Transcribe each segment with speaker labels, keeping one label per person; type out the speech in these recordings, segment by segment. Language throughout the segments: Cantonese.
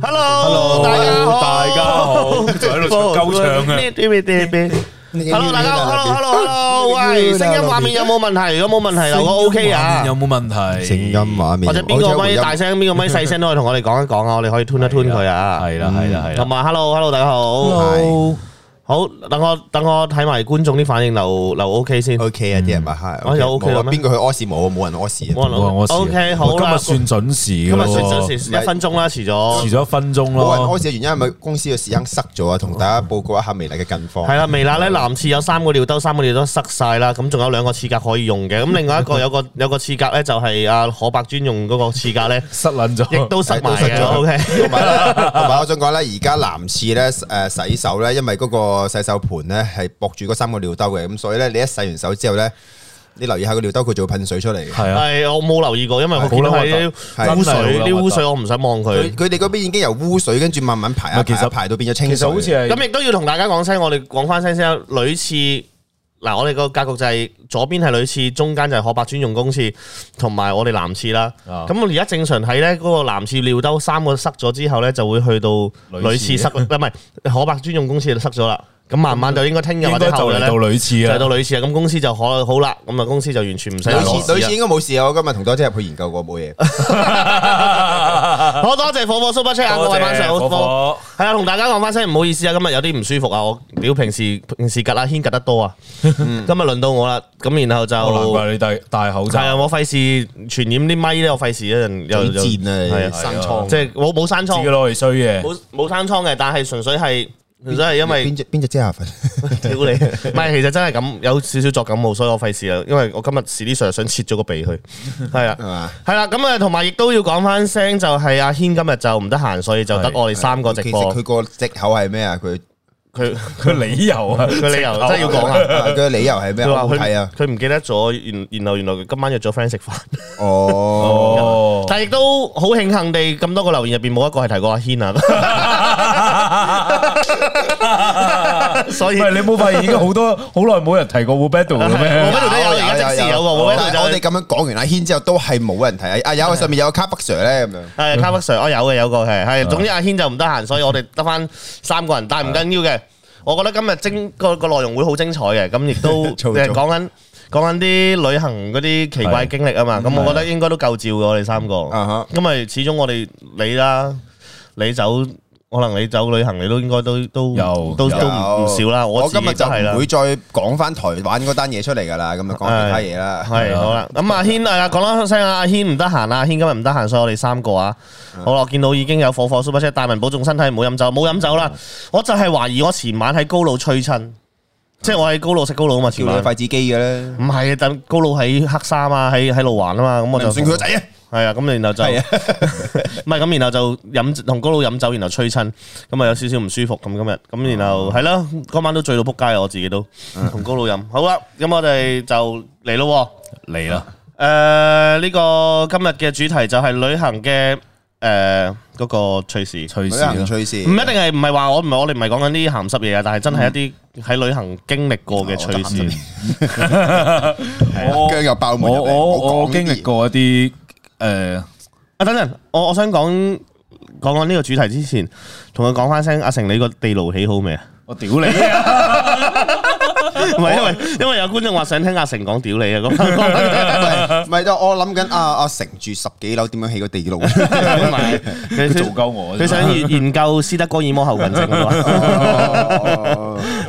Speaker 1: Hello，大家好，大家好，Hello 大家好 Hello hello Hello 喂，聲音畫面有冇問題？如果冇問題，我 OK 啊！有
Speaker 2: 冇問題？聲音畫面或者邊個咪大
Speaker 1: 聲，邊個咪細聲都可以同我哋講一講啊！我哋可以吞一吞佢啊！係啦係啦係啦，同埋 Hello，Hello，大家好。好，等我等我睇埋觀眾啲反應，留留 O K 先。O K 啊，啲人咪吓，我又 O K 啦。邊個去
Speaker 3: 屙屎冇啊？冇人屙屎，冇人屙屎。O K 好今日算
Speaker 2: 準時。今日算準時，一
Speaker 3: 分鐘啦，遲咗。遲咗一分鐘咯。冇人屙屎嘅原因係咪公司嘅屎坑塞咗啊？同大家報告一下微辣嘅近況。係啦，微
Speaker 1: 辣咧男廁有三個尿兜，三個尿兜塞晒啦，咁仲有兩個廁格可以用嘅。咁另外一個有個有個廁格咧就係阿可白專用嗰個廁格咧，塞撚咗，亦都塞埋咗。O K。同
Speaker 3: 埋我想講咧，而家男廁咧誒洗手咧，因為嗰個。個洗手盆咧係駁住嗰三個尿兜嘅，咁所以咧，你一洗完手之後咧，你留意下個尿兜，佢仲會噴水出嚟嘅。係啊，係、啊、
Speaker 1: 我冇留意過，因為我見到係污水，啲污水我唔想望佢。佢
Speaker 3: 哋嗰邊已經由污水跟住慢慢排啊，排啊，排啊，排啊，其實排到變咗清水。其實好似係。咁亦都
Speaker 1: 要同大家講聲，我哋講翻聲先，屢次。嗱，我哋個格局就係左邊係女廁，中間就係可伯專用公廁，同埋我哋男廁啦。咁我而家正常睇咧，嗰、那個男廁尿兜三個塞咗之後咧，就會去到女廁塞，唔係可伯專用公廁就塞咗啦。咁慢慢就應該聽日或者後嘅咧，就到類似啊，就到類似啊。咁公司就可好啦。咁啊，公司就完全唔使類似類似應
Speaker 3: 該冇事啊。我今日同多姐入去研究過冇嘢。
Speaker 1: 好
Speaker 3: 多謝火火叔，伯車啊，各位晚上
Speaker 1: 好。係啊，同大家講翻聲，唔好意思啊，今日有啲唔舒服啊。我表平時平時夾阿軒夾得多啊，今日輪到我啦。咁然後就難怪你戴戴口罩。係啊，我費事傳染啲咪，我費事一陣又又。賤啊，生瘡。即係我冇生瘡。自己攞嚟衰嘅。冇冇生瘡嘅，但係純粹係。而家係因為邊隻邊隻遮下粉，屌你！唔係，其實真係咁，有少少作感冒，所以我費事啊。因為我今日時啲時候想切咗個鼻去，係啊，係嘛， 係啦。咁啊，同埋亦都要講翻聲，就係、是、阿軒今日就唔得閒，所以就得我哋三個直播。佢
Speaker 3: 個借口係咩啊？佢佢佢理由啊，佢理由真係要講啊！佢嘅理由係咩話？係啊，
Speaker 1: 佢唔記得咗，然然後原來今晚約咗 friend 食飯。哦，但亦都好慶幸地，咁多個留言入邊冇一個係提過阿軒啊。所以你冇
Speaker 3: 發現，已經好
Speaker 2: 多好耐冇人提過胡 Battle
Speaker 3: 嘅咩？我哋咁樣講完阿軒之後，都係冇人提。阿有上面有個卡布 Sir 咧，咁樣係卡布 Sir，我有嘅，有個係係。總
Speaker 1: 之阿軒就唔得閒，所以我哋得返三個人，但唔緊要嘅。我覺得今日精個個內容會好精彩嘅，咁亦都即係講緊講緊啲旅行嗰啲奇怪經歷啊嘛，咁我覺得應該都夠照嘅，我哋三個，因為、uh huh、始終我哋你啦，你走。你可能你走旅行你都應該都都有，都都唔少啦。我今日就唔會
Speaker 3: 再講翻台灣嗰單嘢出嚟噶啦，咁就講其他嘢啦。係好啦，
Speaker 1: 咁阿軒啊，講一聲啊，阿軒唔得閒啦，軒今日唔得閒，所以我哋三個啊，好啦，我見到已經有火火 super 車，帶文保重身體，唔好飲酒，冇飲酒啦。我就係懷疑我前晚喺高佬吹親，即係我喺高佬食高佬啊嘛。燒你廢紙機嘅，唔係啊，等高佬喺黑沙啊，喺喺路環啊嘛，咁我就算佢個仔啊。係啊，咁然後就唔係咁，然後就飲同高佬飲酒，然後吹親，咁啊有少少唔舒服咁今日，咁然後係咯，嗰晚都醉到撲街，我自己都同高佬飲。好啦，咁我哋就嚟咯，嚟啦。誒，呢個今日嘅主題就係旅行嘅誒嗰個趣事，趣事，趣事。唔一定係，唔係話我唔係我哋唔係講緊啲鹹濕嘢啊，但係真係一啲喺旅行經歷過嘅趣事。我驚又包埋入嚟。我我我經歷過一啲。誒，阿、呃啊、等陣，我我想講講講呢個主題之前，同佢講返聲，阿成你個地牢起好未啊？我屌你
Speaker 3: 唔係因為因為有觀眾話想聽阿成講屌你啊，咁係， 等等我諗緊阿阿成住十幾樓點樣起個地牢，跟住做夠我，佢想研究斯德哥爾摩後遺症。 啊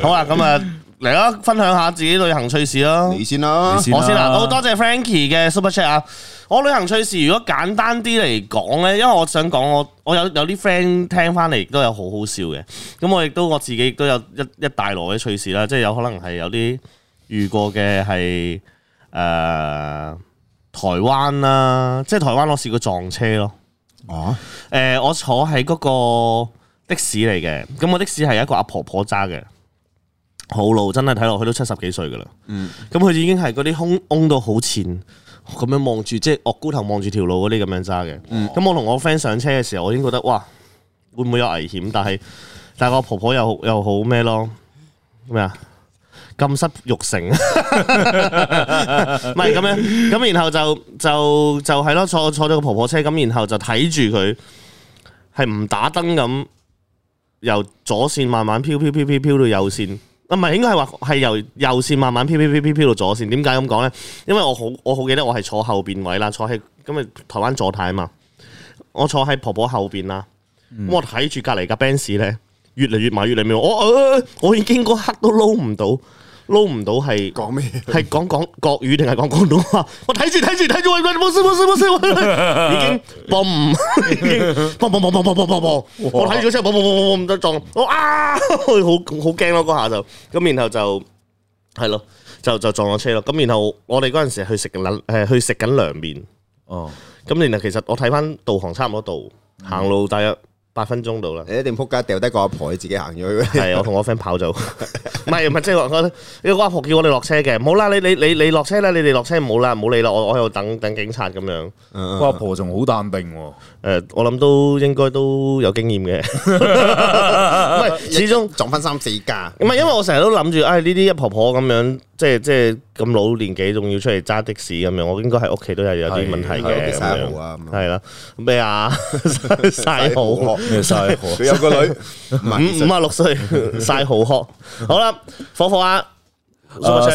Speaker 3: 好啊，
Speaker 1: 咁啊嚟咯，分享下自己旅行趣事咯。你先啦，我先啦，好多謝 Frankie 嘅 Super Chat 啊！我旅行趣事如果簡單啲嚟講呢，因為我想講我我有有啲 friend 聽返嚟都有好好笑嘅，咁我亦都我自己都有一一大籮嘅趣事啦，即係有可能係有啲遇過嘅係誒台灣啦，啊，即係台灣我試過撞車咯，啊、呃、我坐喺嗰個的士嚟嘅，咁我的士係一個阿婆婆揸嘅，好老真係睇落去都七十幾歲㗎喇，嗯，咁佢已經係嗰啲空翁到好淺。咁樣望住，即係惡高頭望住條路嗰啲咁樣揸嘅。咁、嗯、我同我 friend 上車嘅時候，我已經覺得哇，會唔會有危險？但係但係我婆婆又又好咩咯？咩啊？禁失欲成，唔係咁樣。咁然後就就就係咯、就是，坐坐咗個婆婆車，咁然後就睇住佢係唔打燈咁，由左線慢慢飄飄飄飄飄到右線。唔係應該係話係由右線慢慢飄飄飄飄飄到左線，點解咁講咧？因為我好我好記得我係坐後邊位啦，坐喺咁咪台灣左太啊嘛，我坐喺婆婆後邊啦，咁我睇住隔離嘅 Benz 咧，越嚟越埋，越嚟越埋，我誒我已經嗰刻都撈唔到。撈唔到係講咩？係講講國語定係講廣東話？ 我睇住睇住睇住，喂！冇事冇事冇事，已經 b 已經 b o 我睇住個車 b o o 撞，我啊，好好驚咯！嗰下就咁，然後就係咯，就就撞咗車咯。咁然後我哋嗰陣時去食冷誒，去食緊涼麵哦。咁然後其實我睇翻導航差唔多度，行路大約，八分鐘到啦，你一定仆街掉低個阿婆，你自己行咗去。係我同我 friend 跑走，唔係唔係，即係、就是、我得，呢個阿婆叫我哋落車嘅，唔好啦， 你你你你落車啦，你哋落車唔好啦，唔好理啦，我我喺度等等警察咁樣。阿、嗯、婆仲好淡定、啊，誒、呃，我諗都應該都有經驗嘅，
Speaker 3: 唔係始終撞翻三四架，
Speaker 1: 唔係因為我成日都諗住啊呢啲一婆婆咁樣，即係即係。咁老年紀仲要出嚟揸的士咁樣，我應該喺屋企都係有啲問題嘅。係啦，咩啊？晒好殼，晒好，有個女五十五啊六歲，晒好殼。
Speaker 2: 好啦，火火啊！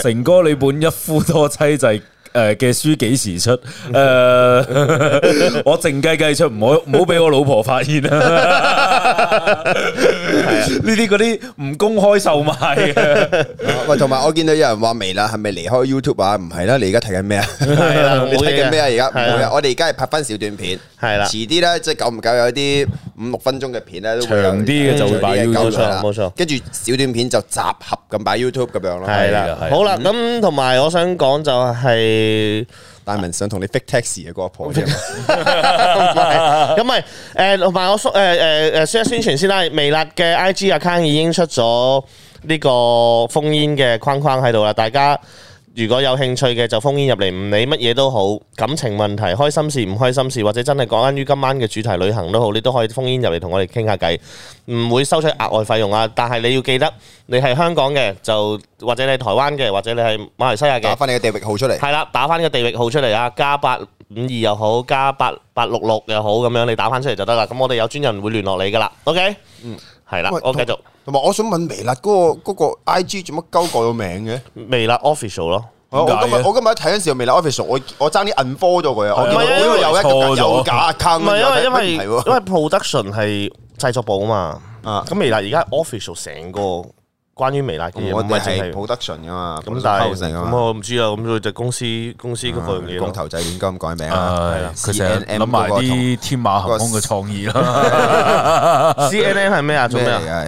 Speaker 2: 成哥你本一夫多妻制。誒嘅書幾時出？誒，我靜計計出，唔好唔好俾我老婆發現啦。係啊，呢啲嗰啲唔公開售賣嘅。
Speaker 3: 喂，同埋我見到有人話未啦，係咪離開 YouTube 啊？唔係啦，你而家睇緊咩啊？係啊，你睇緊咩啊？而家唔會啊。我哋而家係拍翻小短片，係啦。遲啲咧，即係久唔久有啲五六分鐘嘅片咧，長啲嘅就會擺 YouTube 啦。冇錯，冇錯，跟住小短片就集合咁擺 YouTube 咁樣咯。係啦，係好
Speaker 1: 啦，咁同埋我想講就係。大
Speaker 3: 明、呃、 想同你 fit taxi 嘅嗰、嗰個婆，
Speaker 1: 咁咪誒同埋我誒誒誒先宣傳先啦，微辣嘅 IG account 已經出咗呢個封煙嘅框框喺度啦，大家。如果有興趣嘅就封煙入嚟，唔理乜嘢都好，感情問題、開心事、唔開心事，或者真係講緊於今晚嘅主題旅行都好，你都可以封煙入嚟同我哋傾下偈，唔會收取額外費用啊！但係你要記得，你係香港嘅，就或者你係台灣嘅，或者你係馬來西亞嘅，打返你嘅地域號出嚟。係啦，打返你個地域號出嚟啊，加八五二又好，加八八六六又好，咁樣你打返出嚟就得啦。咁我哋有專人會聯絡你噶啦。OK，嗯，係啦了，喂我繼續。
Speaker 3: 同埋，我想問微辣嗰個嗰個 I G 做乜鳩改咗名嘅？微辣 official 咯，我今日我今日睇嗰陣時，微辣 official，我我爭啲 unfollow 咗佢啊！唔係因為有一個有假 account，唔係因為因為因為
Speaker 1: production 係製作部啊嘛，咁微辣而家 official 成個關於微辣嘅嘢，唔係淨
Speaker 2: production 噶嘛，咁但係我
Speaker 1: 唔知啊，咁佢就公司公司嗰份嘢，公投
Speaker 3: 制軟件改名啊，佢成日諗埋啲
Speaker 2: 天馬行空嘅創意咯
Speaker 3: ，CNN 係咩啊？做咩啊？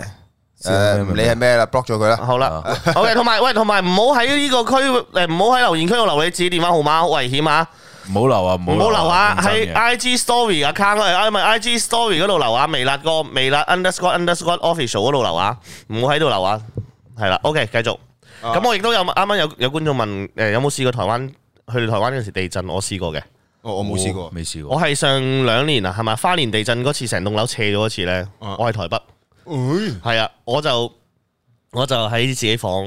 Speaker 3: 誒，呃、你係咩啦？block 咗佢啦。好啦
Speaker 1: ，OK，同埋喂，同埋唔好喺呢個區，誒，唔好喺留言區度留你自己電話號碼，好危險啊！
Speaker 2: 唔好留啊！唔好留啊！喺
Speaker 1: IG Story 個 account，唔係 IG Story 嗰度留啊，微、啊啊、辣哥，微辣、辣 Underscore Underscore Official 嗰度留啊，唔好喺度留啊，係啦，OK，繼續。咁、啊、我亦都有啱啱有有觀眾問，誒，有冇試過台灣？去台灣嗰時地震我試、哦，我試過嘅。我冇試過，未試過。我係上兩年啊，係咪？花蓮地震嗰次，成棟樓斜咗一次咧。我喺台北。係、嗯、啊，我就我就喺自己房，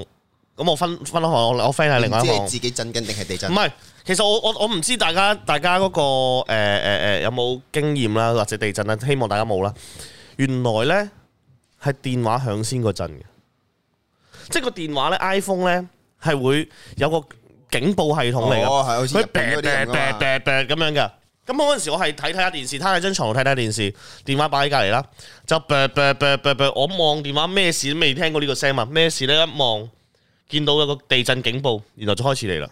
Speaker 1: 咁我分分開，我我 friend 喺另外一房。自己震緊定係地震？唔係，其實我我我唔知大家大家嗰、那個誒誒誒有冇經驗啦，或者地震啦，希望大家冇啦。原來咧係電話響先嗰陣嘅，即係個電話咧 iPhone 咧係會有個警報系統嚟嘅，佢喋喋喋喋喋咁樣噶。咁我嗰陣時我係睇睇下電視，攤喺張床睇睇下電視，電話擺喺隔籬啦，就叮叮叮叮叮叮叮叮我望電話咩事都未聽過呢個聲啊，咩事呢？一望見到有個地震警報，然後就開始嚟啦。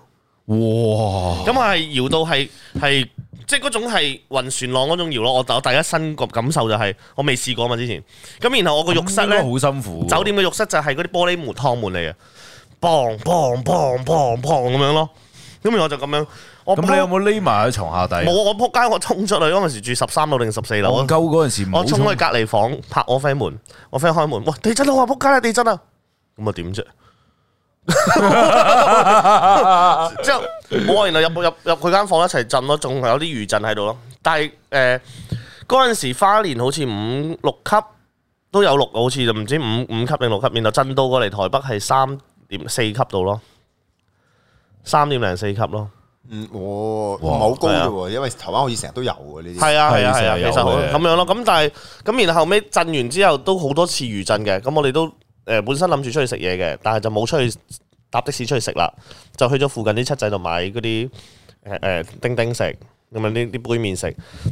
Speaker 1: 哇！咁我係搖到係係即係嗰種係暈船浪嗰種搖咯。我我第一身個感受就係、是、我未試過嘛之前。咁然後我個浴室呢，好辛苦。酒店嘅浴室就係嗰啲玻璃門趟門嚟嘅，砰砰砰砰砰咁樣咯。咁然後我就咁樣。咁你有冇匿埋喺床下底？冇，我仆街，我衝出去嗰陣時住十三樓定十四樓？我
Speaker 2: 夠嗰陣時，我衝去隔籬
Speaker 1: 房拍我 friend 門，我 friend 開門，哇，地震啦！我仆街啦！地震啊！咁啊點啫？ 之後我然後入入入佢間房一齊震咯，仲有啲餘震喺度咯。但係誒嗰陣時花蓮好似五六級都有六，好似就唔知五五級定六級，然後震到過嚟台北係三點四級度咯，三點零四級咯。
Speaker 3: 嗯，我唔係好高嘅喎，啊、因為台灣好似成日都有嘅呢啲。係啊係啊係啊，其實咁
Speaker 1: 樣咯。咁但係咁，然後尾震完之後，都好多次餘震嘅。咁我哋都誒本身諗住出去食嘢嘅，但係就冇出去搭的士出去食啦，就去咗附近啲七仔度買嗰啲誒誒叮叮食，同埋啲啲杯麵食，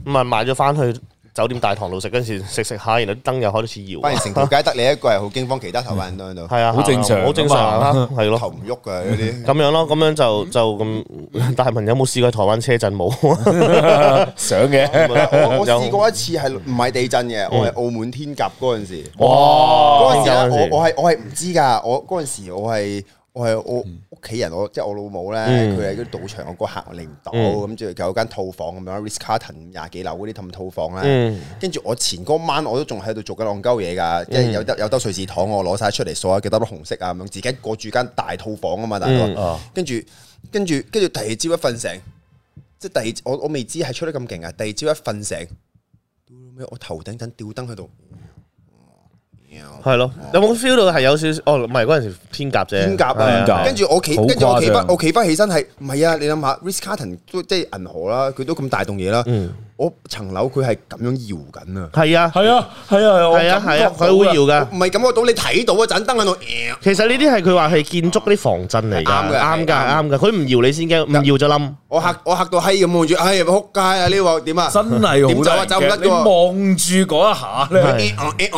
Speaker 1: 咁啊買咗翻去。酒店大堂度食嗰時，食食下，然後啲燈又開始搖，反而成條街
Speaker 3: 得你一個係好驚慌，其他台灣人都喺度，係
Speaker 1: 啊，好正常，好正常啊，係咯，頭唔
Speaker 3: 喐嘅嗰
Speaker 1: 啲，咁樣咯，咁樣就就咁，但係朋友有冇試過台灣車震冇？想嘅，我試過
Speaker 3: 一次係唔係地震嘅，我係澳門天鴿嗰陣時，哇！嗰陣時我我係我係唔知㗎，我嗰陣時我係。我係我屋企人，我即係我老母咧，佢喺嗰啲賭場我個客，我嚟唔到，咁就、嗯、有間套房咁樣，Ritz-Carlton 廿幾樓嗰啲氹套房咧，跟住、嗯、我前嗰晚我都仲喺度做緊浪鳶鳩嘢㗎，即係有得有得瑞士糖我，我攞晒出嚟所有幾多粒紅色啊咁樣，自己過住間大套房啊嘛，大佬，跟住跟住跟住第二朝一瞓醒，即係第二我我未知係出得咁勁啊，第二朝一瞓醒，咩？我頭頂緊吊燈喺度。
Speaker 1: 係咯，有冇 feel 到係有少少？哦，唔係嗰陣時天鴿啫，天鴿啊！跟住我企，跟住我企翻，我
Speaker 3: 企翻起身係唔係啊？你諗下，Ritz-Carlton 都即係銀河啦，佢都咁大棟嘢啦。嗯我層樓佢係咁樣搖緊啊！係啊，係啊，係啊，係啊，係啊，佢會搖噶，唔係感覺到你睇到嗰盞燈喺度。其實呢啲係佢話
Speaker 1: 係建築啲防震嚟噶，啱噶，啱噶，啱噶。佢唔搖你先驚，唔搖咗冧。
Speaker 3: 我吓我吓到閪咁，望住，唉，扑街啊！呢個點啊？真係點走啊？走唔得，你望住嗰一下咧，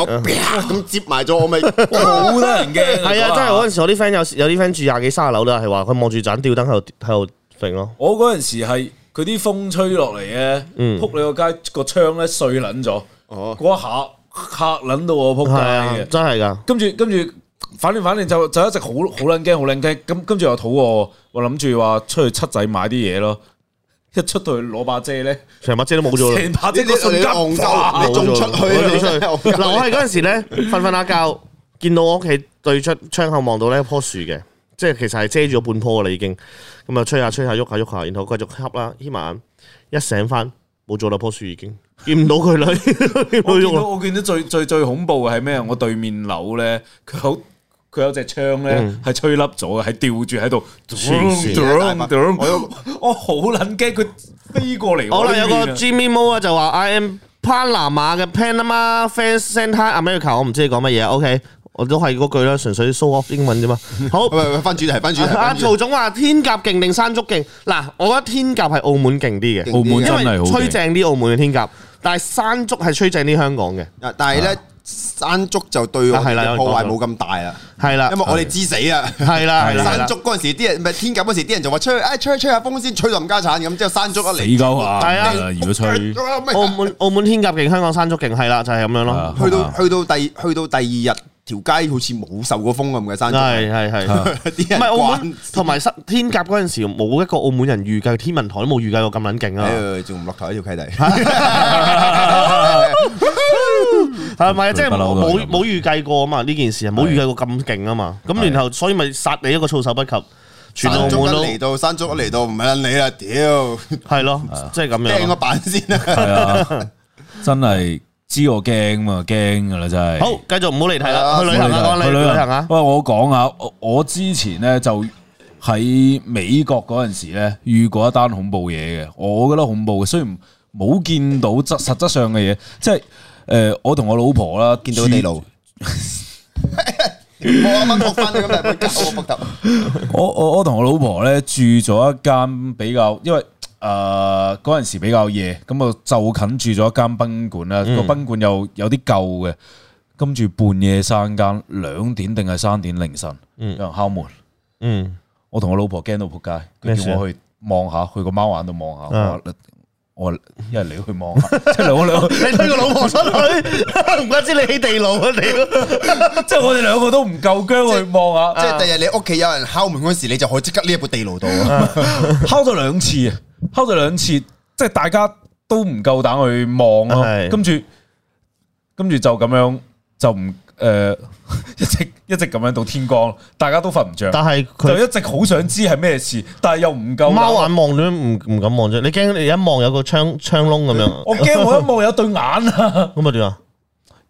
Speaker 3: 咁接埋咗，我咪好得人驚。係啊，真係嗰陣時我啲
Speaker 1: friend 有，有啲 friend 住廿幾、卅樓啦，係話佢望住盞吊燈喺度喺度揈咯。
Speaker 2: 我嗰陣時係。佢啲風吹落嚟咧，撲你個街個窗咧碎撚咗。哦，嗰一下嚇撚到我撲街嘅，真係㗎。跟住跟住反正反正就就一直好好撚驚好撚驚。咁跟住又肚餓，我諗住話出去七仔買啲嘢咯。一出到去攞把遮咧，成把遮都冇咗啦。全部遮都出去！嗱、啊、我係嗰陣
Speaker 1: 時咧瞓瞓下覺，見到我屋企對出窗口望到呢一棵樹嘅。即係其實係遮住咗半坡嘅啦，已經咁啊，吹下吹下，喐下喐下，然後繼續吸啦。依晚一醒翻，冇咗啦，棵樹已經
Speaker 2: 見唔到佢啦。我見到我見到最最最恐怖嘅係咩啊？我對面樓咧，佢好佢有隻窗咧，係吹甩咗嘅，係、嗯、吊住喺度。我好捻驚佢飛過嚟。好啦，有個、啊、Jimmy
Speaker 1: Mo 啊、e，就話 I am Panama, Panama 嘅 Panama fans Santa America，我唔知你講乜嘢。O K。我都係嗰句啦，純粹 show off 英文啫嘛。好，喂喂，翻主題，翻主題。阿曹總話天鴿勁定山竹勁嗱，我覺得天鴿係澳門勁啲嘅，澳門因為吹正啲澳門嘅天鴿，但係山竹係吹正啲香港嘅。
Speaker 3: 但係咧，山竹就對係啦，破壞冇咁大啦，係啦，因為我哋知死啊，係啦，係啦。山竹嗰陣時啲人唔係天鴿嗰時啲人就話吹啊吹吹下風先吹到冚家鏟咁之後山竹嚟，啊，係啊。如果吹澳門，澳門天鴿勁，香港山竹勁，係啦，就係咁樣咯。去到去到第去到第二日。條街好似冇受過風咁嘅山，係係係，啲人關。同埋天鴿嗰陣時，冇一個澳門人預計天文台都冇預計
Speaker 1: 過咁捻勁啊！仲唔落台呢條契弟，係咪？即係冇冇預計過啊嘛？呢件事啊，冇預計過咁勁啊嘛！咁然後所以咪殺你一個措手不及。全澳門嚟到，山竹嚟到，唔係你啦，屌！係咯，即係咁樣。驚我板先啊！
Speaker 2: 真係。知我驚嘛？驚㗎啦，真係。好，
Speaker 1: 繼續唔好離題啦。啊、去旅行啊！去旅行啊！行
Speaker 2: 喂，我講下，我我之前咧就喺美國嗰陣時咧遇過一單恐怖嘢嘅，我覺得恐怖嘅。雖然冇見到質實質上嘅嘢，即係，誒、呃，我同我老婆啦見到呢度。 我阿媽復翻啲我我我我同我老婆咧住咗一間比較，因為。誒，嗰陣、uh, 時比較夜，咁我就近住咗一間賓館啦，個賓館又有啲舊嘅，跟住半夜三更兩點定係三點凌晨，mm. 有人敲門，嗯，mm. 我同我老婆驚到撲街，佢叫我去望下，去個貓眼度望下，我我你看一看、嗯、人嚟去望，即係我兩個，你推
Speaker 1: 個老婆出去，
Speaker 3: 唔怪之你起地牢啊你 即係我哋兩個都唔夠薑去望下，嗯、即係第日你屋企有人敲門嗰時，你就可以即刻匿入個
Speaker 2: 地牢度， 敲咗兩次啊。敲咗兩次，即係大家都唔夠膽去望咯、啊是的，跟住跟住就咁樣就唔誒、呃、一直一直咁樣到天光，大家都瞓唔着，但係佢就一直好想知係咩事，但係又唔夠、啊。貓眼
Speaker 1: 望都唔唔敢望啫，你驚你一望有個窗窗窿咁樣， 我驚我一
Speaker 2: 望有對眼
Speaker 1: 啊，咁啊點啊？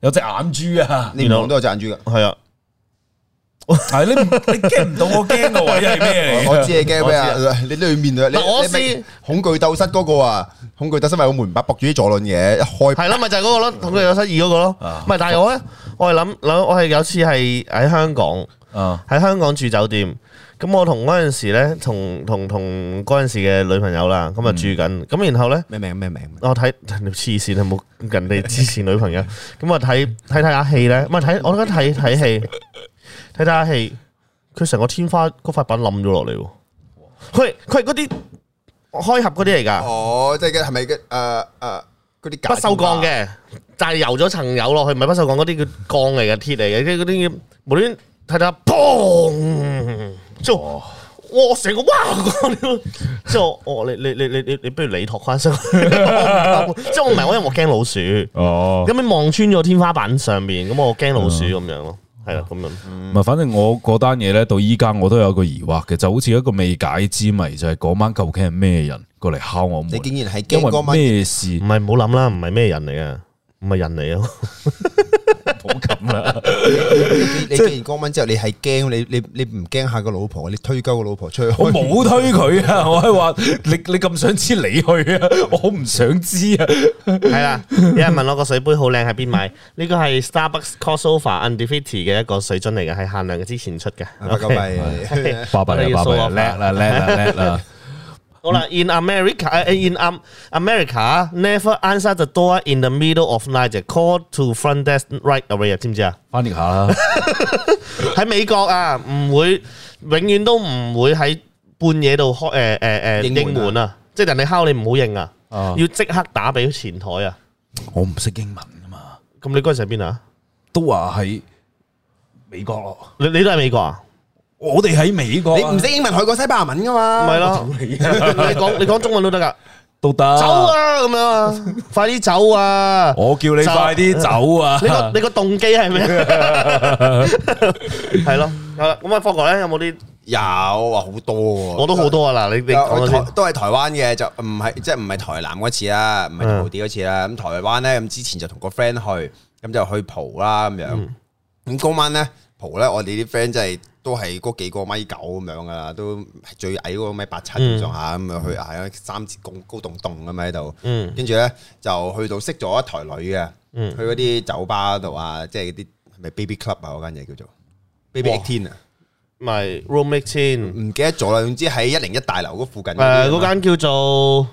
Speaker 3: 有隻眼珠啊？你望都有隻眼珠噶，係啊。係你你驚唔到我驚嘅，因為咩嚟？我知你驚咩啊？你對面嗰……嗱，我知恐懼鬥室嗰個啊，恐懼鬥室咪有門把鎖住啲佐論嘢，一開係咯，咪就係嗰個咯，恐懼鬥室二嗰個咯。
Speaker 4: 唔係，但
Speaker 1: 係我咧，我係諗諗，我係有次係喺香港，喺香港住酒店，咁我同嗰陣時咧，同同同嗰陣時嘅女朋友啦，咁啊住緊，咁然後咧咩名咩名？我睇黐線啊！冇人哋黐線女朋友，咁啊睇睇睇下戲咧，唔係睇我都睇睇戲。睇睇下係，佢成個天花嗰塊板冧咗落嚟。
Speaker 3: 佢佢係嗰啲開合嗰啲嚟噶。哦、uh，即係係咪誒誒嗰啲不鏽鋼嘅，就、uh, 係、uh, 油咗層油
Speaker 1: 落去，唔係不鏽鋼嗰啲叫鋼嚟嘅，鐵嚟嘅，即係嗰啲無端睇睇下，砰，就我成個哇，即係 我我你你你你你，你你你你你你不如你托翻聲。即係我唔係， 因為我驚老鼠。哦、mm.，咁你望穿咗天花板上面，咁我驚老鼠咁樣咯。係啦，咁樣。唔係、嗯，
Speaker 2: 反正我嗰單嘢咧，到依家我都有個疑惑嘅，就好似一個未解之謎，就係、是、嗰晚究竟係咩人過嚟敲我門？
Speaker 3: 你竟然係驚？因為咩
Speaker 2: 事？唔係，唔好諗啦，唔係咩人嚟啊，唔係人嚟咯。
Speaker 3: 好咁啊！你你見完光文之後，你係驚你你你唔驚下個老婆你推鳩個老婆出去？我冇推佢啊！ 我係話
Speaker 2: 你你咁想知你去啊？我好唔想知啊 ！
Speaker 1: 係啦，有人問我個水杯好靚，喺邊買？呢、這個係 Starbucks Crossover、e、Undefeated 嘅一個水樽嚟嘅，係限量嘅，之前出嘅。八百嘢，八百，八啦，叻啦， 叻啦！好啦，In America，喺喺喺，America，never answer the door in the middle of night，叫 call to front desk right away，知唔知啊？翻譯下啦，喺美國啊，唔會永遠都唔會喺半夜度開，誒誒誒，應門啊，即係人哋敲你唔好應啊，要即刻打俾前台啊。
Speaker 2: 我唔識英文啊嘛，
Speaker 1: 咁你嗰時喺邊啊？都話喺美國咯，你你都係美國啊？我哋喺美國，你唔識英文
Speaker 3: 去過西班牙文噶嘛？唔係咯，
Speaker 1: 你講你講中文都得噶，
Speaker 2: 都得。走啊，
Speaker 3: 咁樣啊，快啲走啊！
Speaker 2: 我叫你快啲走啊！你個你個動機係咩？係咯，
Speaker 1: 咁啊，法國咧有冇
Speaker 3: 啲有啊？好多，我都好多啊！嗱，你你都係台灣嘅，就唔係即係唔係台南嗰次啊，唔係桃李嗰次啊。咁台灣咧，咁之前就同個 friend 去，咁就去蒲啦咁樣。咁今晚咧。蒲咧，我哋啲 friend 真係都係嗰幾個米九咁樣噶啦，都最矮嗰個米八七咁上下咁去，係啊，三字公高棟棟咁喺度，跟住咧就去到識咗一台女嘅，嗯、去嗰啲酒吧度啊，即係啲係咪 baby club 啊嗰間嘢叫做 baby eighteen 啊，唔係 room eighteen 唔記得咗啦，總之喺一零一大樓嗰附近，誒，嗰間叫做。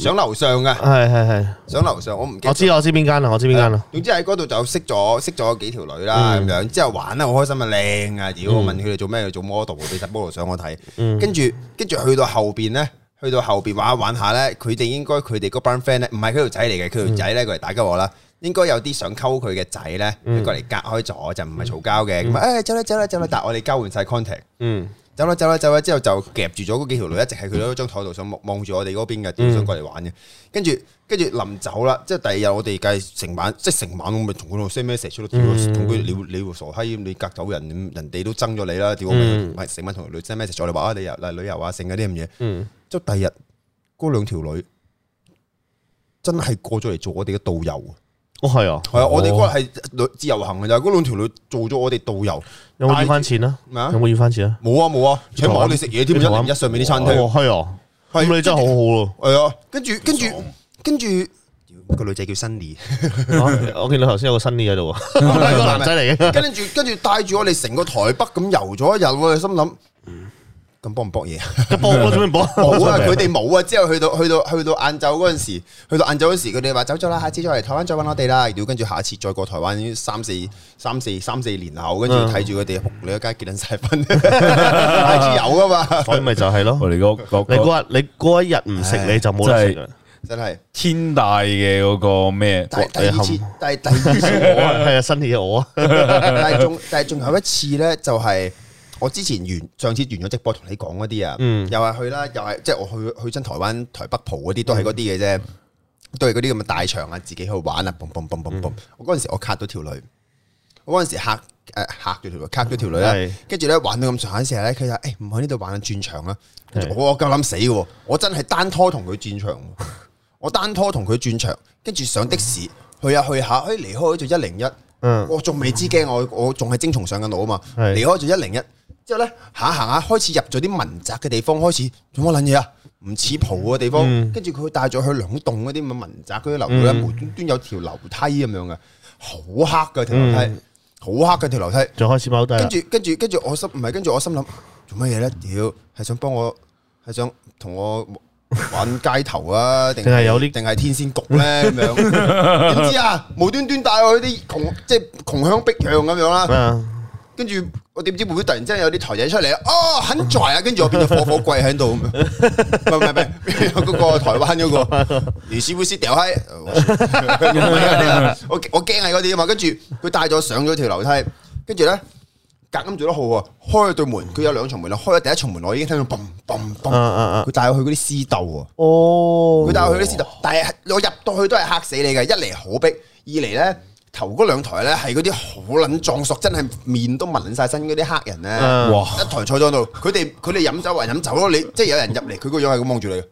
Speaker 3: 上樓上啊，係係係上樓上，我唔我知
Speaker 1: 我知邊間啊，我知邊間咯。
Speaker 3: 總之喺嗰度就識咗識咗幾條女啦，咁樣之後玩得好開心啊，靚啊！屌，我問佢哋做咩，做 model，其實 model 上我睇。跟住跟住去到後邊咧，去到後邊玩下玩下咧，佢哋應該佢哋嗰班 friend 咧，唔係佢條仔嚟嘅，佢條仔咧佢嚟打鳩我啦。應該有啲想溝佢嘅仔咧，佢嚟隔開咗，就唔係嘈交嘅。咁啊，唉，走啦走啦走啦，但我哋交換曬 contact。嗯。走啦走啦走啦，之後就夾住咗嗰幾條女，一直喺佢嗰張台度想望住我哋嗰邊嘅，點想過嚟玩嘅、嗯？跟住跟住臨走啦，即係第二日我哋計成晚，即係成晚我咪同佢度 say 咩 say 出咯，同佢你你傻閪，你夾走人，人哋都憎咗你啦，點講、嗯？唔係成晚同女 say 咩 say，再嚟話啊，你又嚟旅遊啊，成啊啲咁嘢。嗯，即係第二日嗰兩條女真係過咗嚟做我哋嘅導遊。哦係啊，係啊，我哋嗰日係女自由行嘅就係，嗰兩條女做咗我哋導遊，有冇要翻錢啊？著麼有冇要翻錢啊？冇啊冇啊，請我哋食嘢添，啊、天了一上面啲餐廳。係、哦、啊，咁、啊、你真係好好、啊、咯。係啊，跟住跟住跟住，跟女 啊、剛剛個女仔叫 Sunny 我見你頭先有個 Sunny 喺度，係個男仔嚟嘅。跟住跟住帶住我哋成個台北咁遊咗一日，我心諗。嗯咁博唔博嘢？博，做咩冇啊！佢哋冇啊！之後去到去到去到晏晝嗰陣時，去到晏晝嗰時，佢哋話走咗啦，下次再嚟台灣再搵我哋啦。要跟住下一次再過台灣三四三四三四年後，跟住睇住佢哋你一家結緊晒婚，
Speaker 2: 下次有噶嘛？所以咪就係咯。你嗰日你嗰一日唔食你就冇得食，真係天大嘅嗰個咩？但第二次，但
Speaker 3: 第二次，我係啊，新起嘅我啊。但係仲但係仲有一次咧，就係。我之前完上次完咗直播同你講嗰啲啊，又係去啦，又係即係我去去親台灣台北浦嗰啲，都係嗰啲嘅啫，都係嗰啲咁嘅大場啊，自己去玩啊，嘣嘣嘣嘣嘣！嗯、我嗰陣時我卡咗條女，我嗰陣時吓誒吓咗條女，卡咗條女啦，跟住咧玩到咁上下嘅時候咧，佢就：欸「誒唔喺呢度玩轉場啦是的，我我夠諗死，我真係單拖同佢轉場， 我單拖同佢轉場，跟住上的士去下去下，欸離開咗一零一，嗯、我仲未知驚我我仲係精蟲上緊腦啊嘛，離是開咗一零一。是是之後咧行下行下，開始入咗啲民宅嘅地方，開始做乜捻嘢啊？唔似蒲嘅地方，跟住佢帶咗去兩棟嗰啲咁嘅民宅嗰啲樓度咧，無端端有條樓梯咁樣嘅，好黑嘅條樓梯，好黑嘅條樓梯，仲開始爆低。跟住跟住跟住，我心唔係跟住我心諗做乜嘢咧？屌，係想幫我，係想同我玩街頭啊？定係有啲？定係天仙局咧？咁樣點知啊？無端端帶我去啲窮，即係窮鄉僻壤咁樣啦。跟住我點知會，會突然之間有啲台仔出嚟？哦，很在啊！跟住我變咗火火櫃喺度，唔係唔係唔係，嗰個台灣嗰個雷斯威斯掉閪，我我驚係嗰啲啊嘛！跟住佢帶咗上咗條樓梯，跟住咧隔咁做得好啊，開咗對門，佢有兩重門啦，開咗第一重門，門，我已經聽到嘣嘣嘣，啊啊啊，佢帶我去嗰啲私竇啊，哦，佢帶我去啲私竇，但係我入到去都係吓死你嘅，一嚟好逼，二嚟咧。頭嗰兩台咧，係嗰啲好捻壯碩，真係面都紋晒身嗰啲黑人咧、啊，哇一台坐喺度，佢哋佢哋飲酒還飲酒咯，你即係、就是、有人入嚟，佢個樣係咁望住你。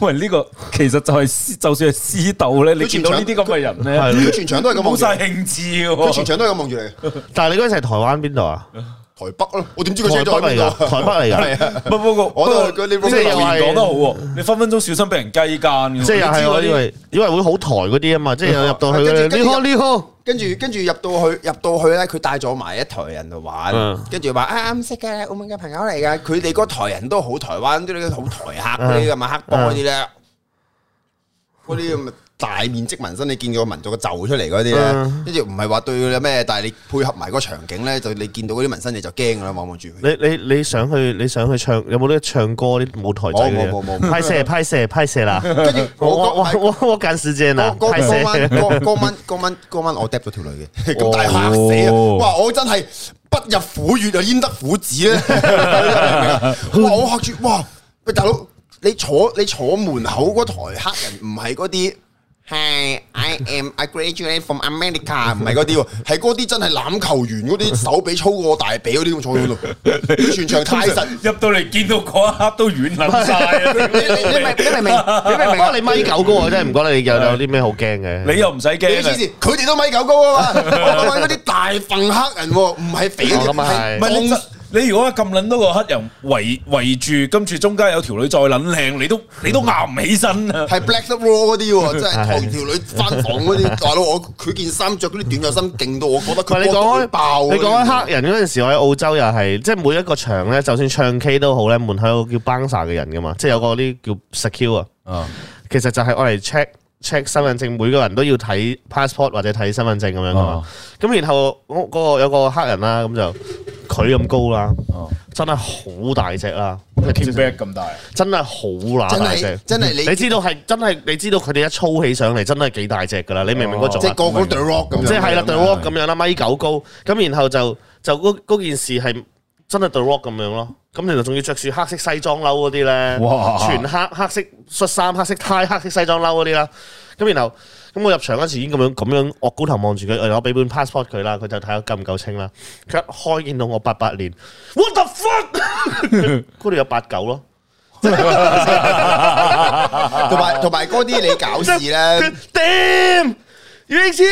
Speaker 2: 喂，呢、這個其實就係、是，就算係私斗咧，你見到呢啲咁嘅人咧，佢全場都係咁望，冇晒
Speaker 3: 興致，佢全場都係咁望住你。
Speaker 2: 但係你嗰陣係台灣邊度啊？
Speaker 3: 台北咯，
Speaker 1: 我點知佢台北嚟㗎？台
Speaker 2: 北嚟㗎？唔不過我都，即係又係講得好喎。你分分鐘小心俾人雞奸。即係係因為
Speaker 3: 因為會好台嗰啲啊嘛，即係入到去呢？呢棵呢棵，跟住跟住入到去入到去咧，佢帶咗埋一台人度玩，跟住話啱啱識嘅澳門嘅朋友嚟㗎，佢哋嗰台人都好台灣啲好台客嗰啲咁啊，黑波啲啦，啲咁大面積紋身，你見個民族個就出嚟嗰啲咧，跟住唔係話對佢有咩？但係你配合埋個場景咧，就你見到嗰啲紋身你就驚㗎啦，望望住佢。
Speaker 1: 你你你，你想去你上去唱有冇得唱歌啲舞台仔嘅？冇冇冇冇，派蛇派蛇派蛇啦！跟、嗯、住我
Speaker 3: 我我我近視症啊！派蛇，嗰晚晚嗰晚，晚我嗒咗條女嘅，咁大嚇死啊！哇，我真係不入虎穴就焉得虎子咧、哦 啊！我嚇住哇！喂大佬你坐，你坐，你，坐你坐門口嗰台黑人唔係嗰啲。係，I am a graduate from America，唔係嗰啲喎，係嗰啲真係籃球員嗰啲手臂粗過大髀嗰啲咁坐喺度，啲
Speaker 2: 全場太實，入到嚟見到嗰一刻都軟爛晒。你你咪你咪咪，唔該你,你,一你米九高，真
Speaker 1: 係唔得你有有啲咩好驚嘅？你
Speaker 2: 又唔使驚，佢哋都
Speaker 3: 米九高啊嘛，我見嗰啲大份黑人，唔係
Speaker 2: 肥嗰啲，唔係。你如果咁撚多個黑人圍圍住，跟住中間有條女再撚靚，你都你都巖唔起身啊！係 Blacked Raw 嗰啲喎，即係同條女返房嗰啲大佬， 我佢件
Speaker 3: 衫着嗰啲短袖衫勁到，我覺得佢、啊。你講開爆，你講開黑
Speaker 1: 人嗰陣時，我喺澳洲又係，即係每一個場咧，就算唱 K 都好咧，門口有叫 bouncer 嘅人噶嘛，即係有個啲叫 security 啊，其實就係我嚟 check。check 身份證，每個人都要睇 passport 或者睇身份證咁樣啊，咁然後我嗰個有個黑人啦，咁就佢咁高啦，真係好大隻啦 King Kong 咁大，真係好乸大隻，真係你知道係真係你知道佢哋一操起上嚟真係幾大隻㗎啦，你明唔明嗰種？即係個個 rock 咁，即係啦對 rock 咁樣啦，米九高，咁然後就就嗰件事係。真係 The Rock 咁樣咯，咁然後仲要着住黑色西裝褸嗰啲咧，哇全黑黑色恤衫黑色太黑色西裝褸嗰啲啦，咁然後咁我入場嗰時已經咁樣咁樣，我高頭望住佢，我俾本 passport 佢啦，佢就睇下夠唔夠清啦，佢一開見到我八八年 ，what the fuck，嗰度有八九咯，
Speaker 3: 同埋同埋嗰啲你搞事咧 damn A 千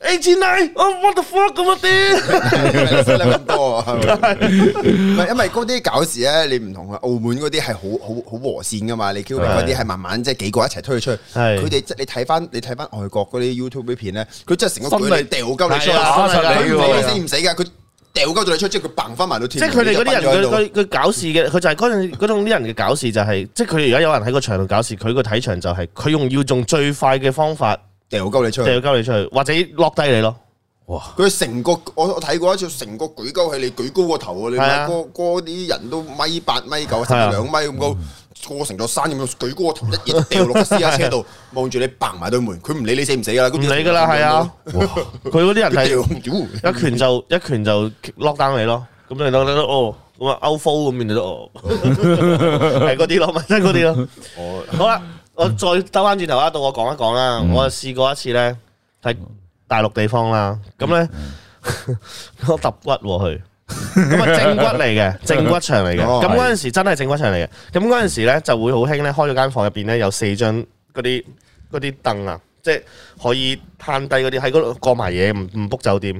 Speaker 3: A 千 Nine，我 what the
Speaker 1: fuck 咁啊啲，手力咁多
Speaker 3: 唔係，因為嗰啲搞事咧，你唔同啊。澳門嗰啲係好好好和善噶嘛，你 Q 幣嗰啲係慢慢即係幾個一齊推佢出去。佢哋即係你睇翻，你睇翻外國嗰啲 YouTube 片咧，佢真係成個心係掉鳩你出，嚟。死唔死噶？佢掉鳩咗你出，你出即係佢崩翻埋到天。即係佢哋嗰啲人，佢
Speaker 1: 佢搞事嘅，佢就係嗰陣嗰種啲人嘅搞事就係、是，即係佢而家有人喺個場度搞事，佢個睇場就係，佢用要用最快嘅方法。掉鳩你出去，掉鳩你出去，或者落低你咯。
Speaker 3: 哇！佢成個我我睇過一次，成個舉鳩起你，舉高個頭啊！你睇過啲人都米八米九，甚至兩米咁高，過成座山咁樣舉高個頭，一跌掉落私家車度，望住你嘭埋對門，佢唔理你死唔死噶啦，唔理噶啦，係啊！
Speaker 1: 佢嗰啲人係一拳就一拳就 lock down 你咯，咁你都得哦，咁啊 out fall 咁樣都哦，
Speaker 4: 係嗰啲咯，真係嗰啲咯，哦，
Speaker 1: 好啦。我再兜翻轉頭一到我講一講啦。嗯、我啊試過一次咧，喺大陸地方啦。咁咧，我 揼骨佢，咁啊 正骨嚟嘅， 正骨場嚟嘅。咁嗰陣時真係正骨場嚟嘅。咁嗰陣時咧就會好興咧，開咗間房入邊咧有四張嗰啲嗰啲凳啊。即係可以攤低嗰啲喺嗰度過埋嘢，唔唔 book 酒店，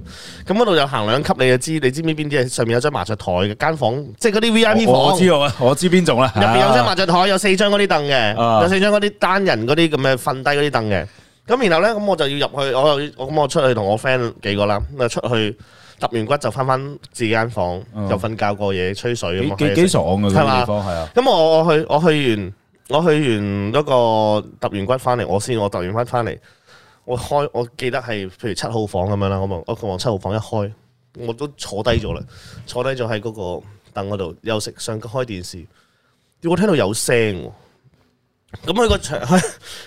Speaker 1: 咁嗰度又行兩級你就知，你知唔知邊啲，上面有張麻雀台嘅間
Speaker 2: 房，即係嗰啲 VIP 房。我知道啊，我知邊種啦。入邊有張麻
Speaker 1: 雀台，有四張嗰啲凳嘅，啊、有四張嗰啲單人嗰啲咁嘅瞓低嗰啲凳嘅。咁然後咧，咁我就要入去，我咁我出去同我 friend 幾個啦，出去揼完骨就翻翻自己間房，就瞓、嗯、覺過夜吹水。幾幾幾爽嘅，係嘛？咁我我去我去完。我去完嗰、嗰個揼完骨翻嚟，我先我揼完骨翻嚟，我開，我記得係譬如七號房咁樣啦，我望我望七號房一開，我都坐低咗啦，坐低咗喺嗰個凳嗰度休息，想開電視，我聽到有聲。咁佢個長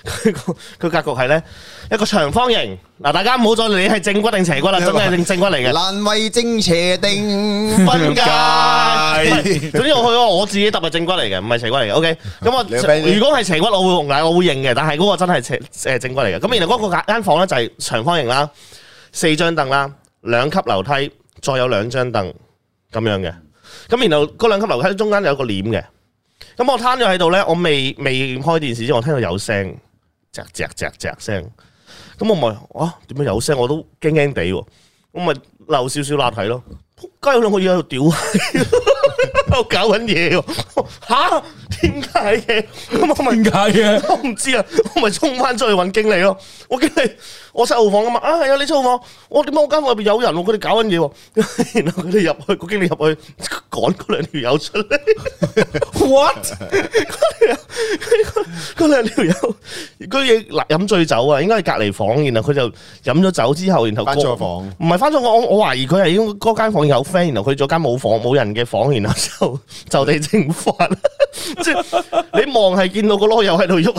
Speaker 1: 佢個佢格局係咧一個長方形嗱，大家唔好再理，係正骨定邪骨啦，真係正正骨嚟嘅，難
Speaker 3: 為正邪定 分
Speaker 2: 界 。
Speaker 1: 總之我去我自己揼係正骨嚟嘅，唔係邪骨嚟嘅。OK，咁我如果係邪骨，我會紅眼，我會認嘅。但係嗰個真係誒正骨嚟嘅。咁然後嗰個間房咧就係長方形啦，四張凳啦，兩級樓梯，再有兩張凳咁樣嘅。咁然後嗰兩級樓梯中間有個簾嘅。咁我攤咗喺度咧，我未未開電視之，我聽到有聲，嘖嘖嘖嘖聲，咁我咪啊點解有聲？我都驚驚地，我咪漏少少辣體咯，撲街啦！我而家喺度屌。 搞緊嘢喎，吓點解嘅？咁我問解嘅？我唔知啊，我咪衝翻出去揾經理咯、啊。我經理，我七號房噶嘛？啊係啊，你七號房？我點解我間房入邊有人、啊？我佢哋搞緊嘢、啊。然後佢哋入去，個經理入去趕嗰兩條友出嚟。 What？佢佢兩條友佢嘢嗱飲醉酒啊，應該係隔籬房。然後佢就飲咗酒之後，然後翻、那、咗、個、房。唔係翻咗房，我我懷疑佢係已經嗰間房間有 friend，然後佢去咗間冇房冇人嘅房，然後。然後就就地正法，即係你望係見到個籮柚喺度喐。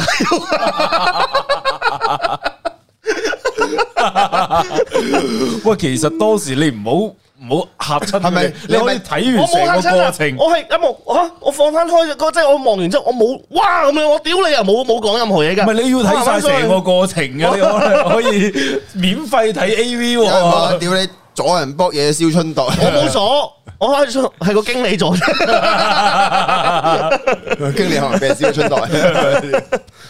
Speaker 2: 喂， 其實當時你唔好唔好吓親，係咪？是是你，你可以睇完成個過程。我
Speaker 1: 係音樂吓，我放翻開隻歌，即係我望完之後，我冇哇咁樣，我屌你又冇冇講任何
Speaker 3: 嘢
Speaker 2: 噶。唔係你要睇晒成個過程噶，是是你可以免費睇
Speaker 3: A V、啊。屌、啊、你，左人卜嘢，燒春袋，我冇鎖。我係個經理左啫，經理可能被燒出代，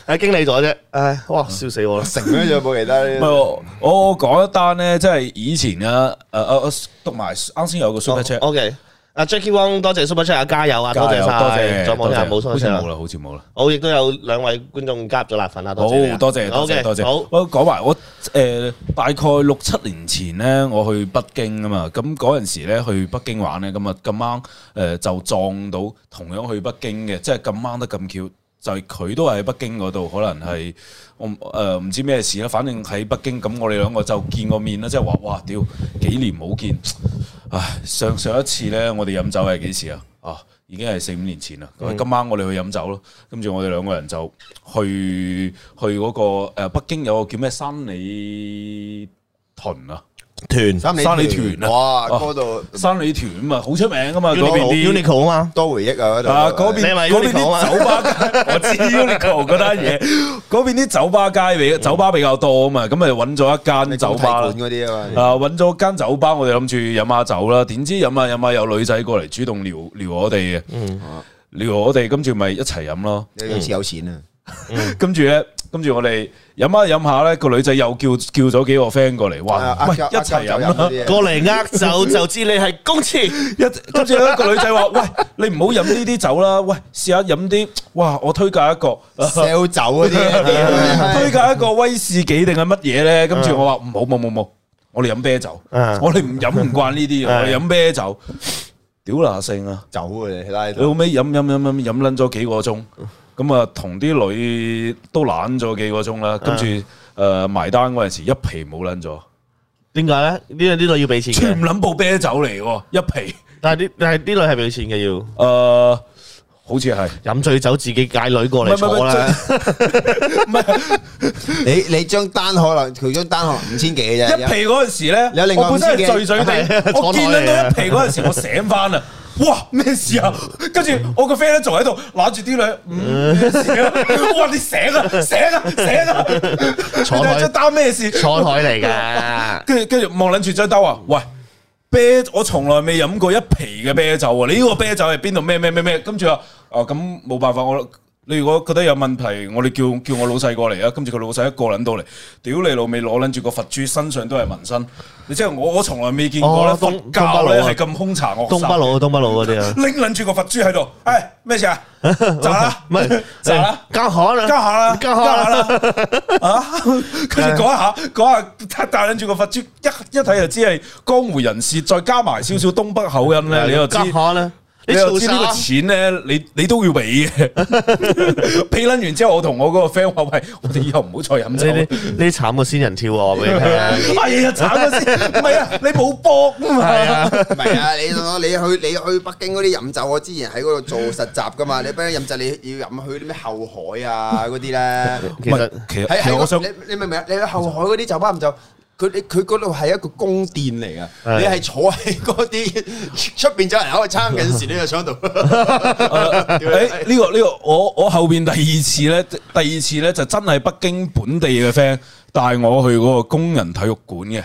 Speaker 3: 係
Speaker 1: 經理左啫，
Speaker 2: 唉，哇，笑死我啦，成咩嘢，冇其他？唔係，我我講一單呢，即係以前啊，誒、呃、誒，讀埋啱先有個 super chat、oh，，OK。 阿 Jackie Wong，
Speaker 1: 多謝 Super Chat 啊，加油啊！多謝晒，多謝在網下冇錯冇錯，冇啦，好似冇啦。好，亦都有兩位觀眾加入咗辣粉啊！多謝，多謝，好嘅，多謝。
Speaker 2: 好，講埋我誒，大概六七年前咧，我去北京啊嘛，咁嗰陣時咧去北京玩咧，咁啊咁啱誒就撞到同樣去北京嘅，即係咁啱得咁巧。就係佢都喺北京嗰度，可能係我誒唔、呃、知咩事啦。反正喺北京咁，我哋兩個就見過面啦，即係話哇屌，幾年冇見，唉！上上一次呢，我哋飲酒係幾時啊？哦、啊，已經係四五年前啦。咁、就是、今晚我哋去飲酒咯，跟住我哋兩個人就去去嗰、那個北京有個叫咩三里屯啊。團三里屯啊，哇嗰度三里屯啊嘛，好出名噶嘛，嗰邊啲 uniqlo 啊嘛，多回憶啊嗰度。啊嗰邊嗰邊啲酒吧，我知 uniqlo 嗰單嘢，嗰邊啲酒吧街，比酒吧比較多啊嘛，咁咪揾咗一間酒吧啦。嗰啲啊嘛，啊揾咗間酒吧，我哋諗住飲下酒啦，點知飲下飲下有女仔過嚟主動撩撩我哋嘅，撩我哋，跟住咪一齊飲咯。你好似有錢啊，跟住咧。跟住我哋飲下飲下咧，個女仔又叫叫咗幾個 friend 過嚟，話：喂，一
Speaker 1: 齊飲，過嚟呃酒就知你係公廁。一跟住咧，個女仔話：
Speaker 2: 喂，你唔好飲呢啲酒啦，喂，試下飲啲，哇！我推介一個燒酒嗰啲，推介一個威士忌定係乜嘢咧？跟住我話唔好，冇冇冇，我哋飲啤酒，我哋唔飲唔慣呢啲，我哋飲啤酒。屌那聖啊，酒嚟拉！後尾飲飲飲飲飲飲咗幾個鐘。咁啊，同啲女都攬咗幾個鐘啦，跟住誒埋單嗰陣時一皮冇攬咗。點解咧？呢呢度要俾錢，全部攬部啤酒嚟喎，一皮。但係啲但係啲女係俾錢
Speaker 1: 嘅要。誒、呃，好似係飲醉酒自己解女過嚟坐啦。唔係
Speaker 3: 你你張單可能佢張單可能五千幾嘅啫。一皮嗰
Speaker 2: 陣時咧，你有另外半千幾。身醉醉地，是我見到一皮嗰陣時，我醒翻啦。 哇！咩事啊？跟住我個 friend 咧仲喺度攋住啲女，咩、嗯、事啊？哇！你醒啊，醒啊，醒啊！坐海張兜咩事？坐海嚟噶。跟住跟住望捻住張兜啊！喂，啤我從來未飲過一皮嘅啤酒啊！你呢個啤酒係邊度咩咩咩咩？跟住啊，哦咁冇辦法我。你如果覺得有問題，我哋叫叫我老細過嚟啊！跟住個老細一個撚到嚟，屌你老味，攞撚住個佛珠，身上都係紋身。你即係我我從來未見過咧，佛教咧係咁兇殘喎。東北佬
Speaker 1: 啊，東北佬嗰啲啊，
Speaker 2: 拎撚住個佛珠喺度，誒咩事啊？
Speaker 1: 咋啦？
Speaker 2: 唔係咋啦？加下啦，加下啦，加下啦啊！跟住講一下講下，戴撚住個佛珠，一一睇就知係江湖人士，再加埋少少東北口音咧，你又知。你又知呢個錢咧？你你都要俾嘅，俾捻 完之後，我同我嗰個 friend 話：喂，我哋以後唔好再飲酒。呢呢
Speaker 1: 呢慘過仙人跳啊！俾你聽，係
Speaker 2: 啊，慘過
Speaker 3: 先，唔係啊，你冇搏啊嘛，係啊，唔係啊，你你去你去北京嗰啲飲酒，我之前喺嗰度做實習噶嘛，你北京飲酒你要飲去啲咩後海啊嗰啲咧？呢其實其實係我想你你明唔明啊？你去後海嗰啲酒吧唔就？佢你佢嗰度係一個宮殿嚟噶，是的你係坐喺嗰啲出面，就有人喺度爭緊事，你又坐喺度。
Speaker 2: 呢、這個呢、這個我我後面第二次咧，第二次咧就真係北京本地嘅 friend 帶我去嗰個工人體育館嘅。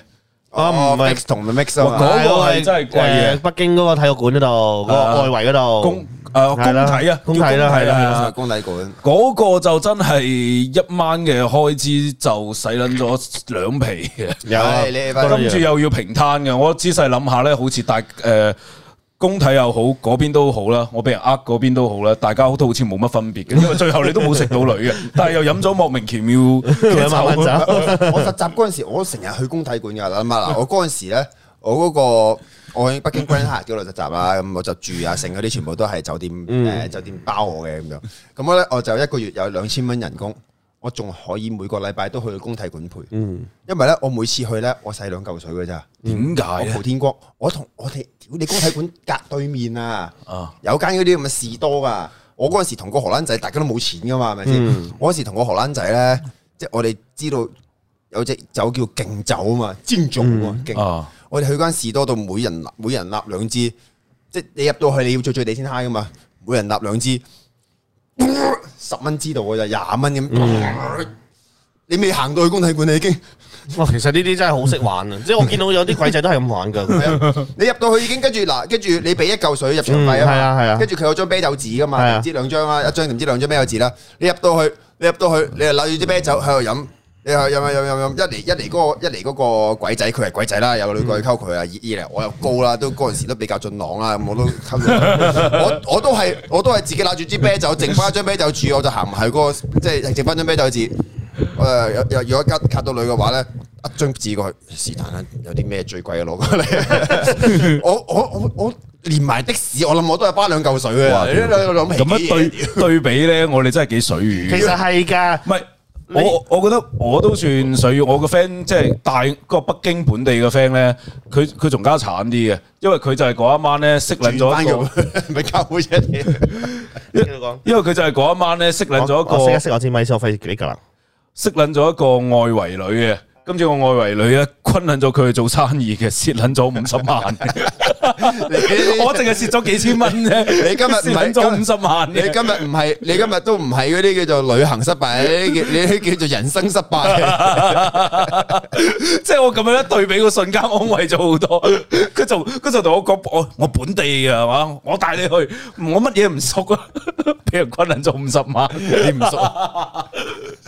Speaker 2: 啊，唔係 mix 同 mix 啊嘛，嗰個係真係貴嘅，北京嗰個體育館嗰度，個外
Speaker 1: 圍
Speaker 3: 嗰
Speaker 2: 度，公誒公體啊，公體啦，係啦係啦，公體館嗰個就真係一晚嘅開支就洗捻咗兩皮嘅，係你跟住又要平攤嘅，我仔細諗下咧，好似大誒。工體又好，嗰邊都好啦，我俾人呃嗰邊都好啦，大家都好似冇乜分別嘅，因為最後你都冇食到女嘅，但係又飲咗莫名其妙。我實習
Speaker 3: 嗰陣時，時，我成日去工體館㗎啦嘛嗱，我嗰陣時咧，我嗰個我喺北京 grand 叫佢實習啦，咁我就住啊剩啲全部都係酒店誒酒店包我嘅咁、嗯、樣，咁咧我就一個月有兩千蚊人工。我仲可以每個禮拜都去工體館陪，嗯、因為咧我每次去咧，我洗兩嚿水嘅咋？點解？我蒲天光，我同我哋屌你工體館隔對面啊！啊有間嗰啲咁嘅士多噶，我嗰陣時同個荷蘭仔大家都冇錢噶嘛，係咪先？我嗰時同個荷蘭仔咧，即係我哋知道有隻酒叫勁酒啊嘛，尊酒啊勁、嗯、啊我哋去間士多度，每人每人攬兩支，即係你入到去你要醉醉地先 high 噶嘛，每人立兩支。呃十蚊知道嘅就廿蚊咁。你未行到去公體館，你已經哇，其實呢啲真係好識玩啊！即係 我見到有啲鬼仔都係咁玩噶。 你入到去已經跟住嗱，跟住你俾一嚿水入場費，嗯、啊嘛，跟住佢有張啤酒紙噶嘛，知、啊、兩張啊，一張唔知兩張啤酒紙啦。你入到去，你入到去，你就攞住啲啤酒喺度飲。又又又又又一嚟一嚟個一嚟個鬼仔，佢係鬼仔啦，有女鬼溝佢啊！二嚟我又高啦，都嗰陣時都比較俊朗啦，我都溝。我我都係我都係自己攞住支啤酒，剩翻張啤酒紙，我就行唔喺嗰個即係剩翻張啤酒紙。誒，若若若卡到女嘅話咧，一張紙過去，就是但啦、嗯，
Speaker 2: 有啲咩最貴嘅攞過
Speaker 3: 嚟？ 我我我我連埋的士，我諗我，我，我都係花兩嚿水嘅。咁樣對
Speaker 2: 對比咧， 我哋真係幾水魚。其實
Speaker 3: 係噶，
Speaker 2: 係。我我覺得我都算屬於我個 friend，即係大嗰個北京本地嘅 friend 咧，佢佢仲加慘啲嘅，因為佢就係嗰一晚咧識撚咗一個，咪交
Speaker 3: 杯啫。
Speaker 2: 因為佢就係嗰一晚咧識撚咗一個，識我知麥先，我費事幾架啦。識撚咗一個外圍女嘅。今次我外圍女啊，昆捻咗佢去做生意嘅，蝕捻咗五十萬。我淨係蝕咗幾千蚊啫
Speaker 3: 你今日蝕捻咗五十萬，你今日唔係，你今日都唔係嗰啲叫做旅行失敗，你叫你叫做人生失敗。
Speaker 2: 即係我咁樣一對比，個瞬間安慰咗好多。佢就佢就同我講，我我本地嘅係嘛，我帶你去，我乜嘢唔熟啊？俾人昆捻咗五十萬，你唔熟。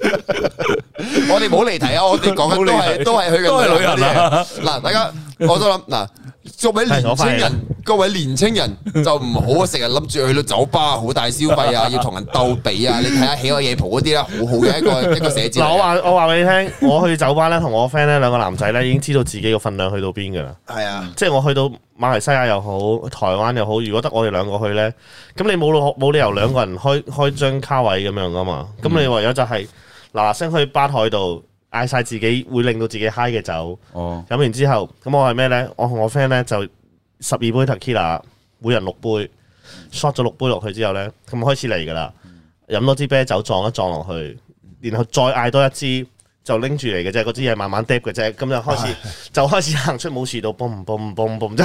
Speaker 3: 我哋唔好離題啊！我哋講嘅都係都係去嘅旅行啊！嗱，大家我都諗嗱，作為年青人，各位年青人就唔好成日諗住去到酒吧好大消費啊，要同人鬥比啊！你睇下喜愛夜蒲嗰啲咧，好好嘅一個一個寫照。我
Speaker 1: 話我話俾你聽，我去酒吧咧，同我 friend 咧，兩個男仔咧，已經知道自己個份量去到邊噶啦。係啊，即係我去到馬來西亞又好，台灣又好，如果得我哋兩個去咧，咁你冇冇理由兩個人開開張卡位咁樣噶嘛？咁你唯有就係。嗱，嗱聲，啊、去吧台度嗌晒自己會令到自己嗨嘅酒，飲、oh. 完之後，咁我係咩咧？我同我 friend 咧就十二杯特基拉，每人六杯，shot 咗六杯落去之後咧，咁咪開始嚟噶啦，飲多支啤酒撞一撞落去，然後再嗌多一支。就拎住嚟嘅啫，嗰支嘢慢慢 deep 嘅啫，咁就開始就開始
Speaker 2: 行出舞池度，boom boom boom boom，就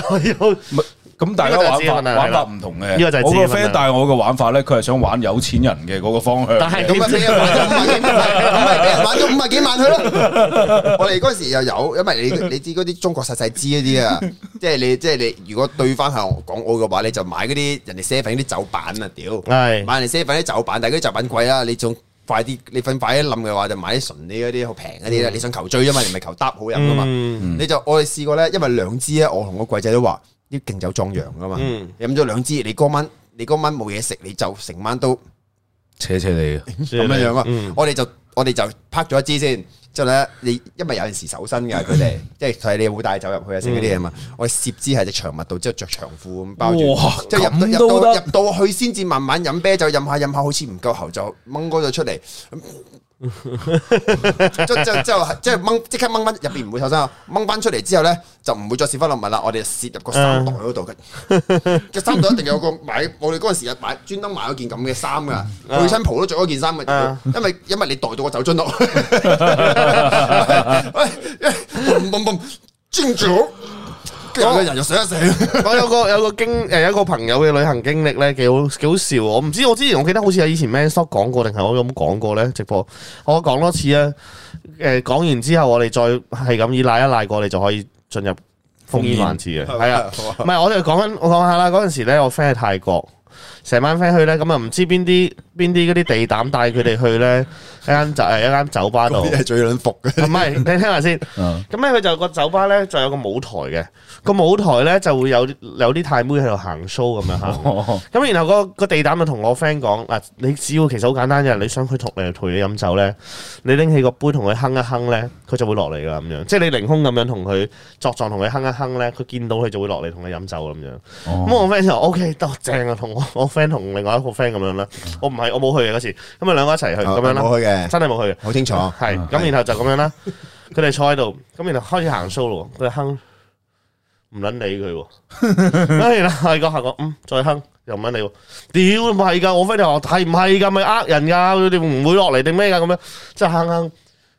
Speaker 1: 咁大家玩法玩法唔同嘅，呢個就係我
Speaker 2: 個 friend 帶我嘅玩法咧，佢係想玩有錢人嘅嗰個方向。但係咁啊，
Speaker 3: 你玩咗五十幾萬去咯？我哋嗰時又有，因為你你知嗰啲中國細細支嗰啲啊，即係你即係你如果對翻向港澳嘅話，你就買嗰啲人哋 service 啲酒板啊，屌，係買人哋 service 啲酒板，但係啲酒板貴啊，你仲。快啲，你瞓快一冧嘅話，就買啲純啲啲好平啲啦。嗯、你想求醉啫嘛，你唔係求搭好飲噶嘛。嗯、你就我哋試過咧，因為兩支咧，我同個櫃仔都話要勁酒壯陽噶嘛。嗯、你飲咗兩支，你嗰晚你嗰晚冇嘢食，你就成晚都扯扯你咁 樣樣啊。嗯、我哋就～我哋就拍咗一支先，之後咧，你因為有陣時手身㗎佢哋，即係睇你有冇帶酒入去啊？先嗰啲嘢嘛，我攝支喺隻長襪度，之後着長褲咁包住，即係入到入到去先至慢慢飲啤酒，飲下飲下，好似唔夠喉就掹嗰度出嚟。嗯即即即即係掹即刻掹翻入邊唔會受傷啊！掹翻出嚟之後咧，就唔會再蝕翻落物啦。我哋就攝入個衫袋嗰度嘅，個衫袋一定有個買。我哋嗰陣時又買專登買咗件咁嘅衫噶，我親婆都着咗件衫嘅，因為因為你袋到個酒樽落。
Speaker 1: 我嘅人又想一死。我有個有個經，誒、有一個朋友嘅旅行經歷咧，幾好幾好笑。我唔知我之前我記得好似係以前 Man 叔講過，定係我有冇講過咧直播？我講多次啊。誒、呃、講完之後，我哋再係咁以瀨一瀨過，你就可以進入烽煙萬次嘅。係吧啊，唔係我哋講緊，我講下啦。嗰陣時咧，我 friend 喺泰國。成班 friend 去咧，咁啊唔知邊啲邊啲嗰啲地膽帶佢哋去咧一間酒一間酒吧度，吧服嘅。唔係，你聽下先。咁咧佢就個酒吧咧就有個舞台嘅，個舞台咧就會有有啲太妹喺度行 show 咁樣嚇。咁然後、嗰個地膽就同我 friend 講，嗱，你只要其實好簡單嘅，你想佢同你同你飲酒咧，你拎起個杯同佢哼一哼咧，佢就會落嚟㗎咁樣。即係你凌空咁樣同佢作狀同佢哼一哼咧，佢見到佢就會落嚟同你飲酒咁樣。咁、哦、我 friend 就 OK，多正啊，同我。friend 同另外一個 friend 咁樣啦，我唔係我冇去嘅嗰時。咁啊兩個一齊去咁樣啦，冇去嘅，真係冇去嘅，好清楚，係咁。然後就咁樣啦，佢哋 坐喺度，咁然後開始行 show 咯，佢哋哼，唔撚理佢喎，哎呀，下個下個，嗯，再哼，又唔撚理喎。屌唔係㗎，我 friend 你係唔係㗎？咪呃人㗎，佢哋唔會落嚟定咩㗎？咁樣即係哼哼。.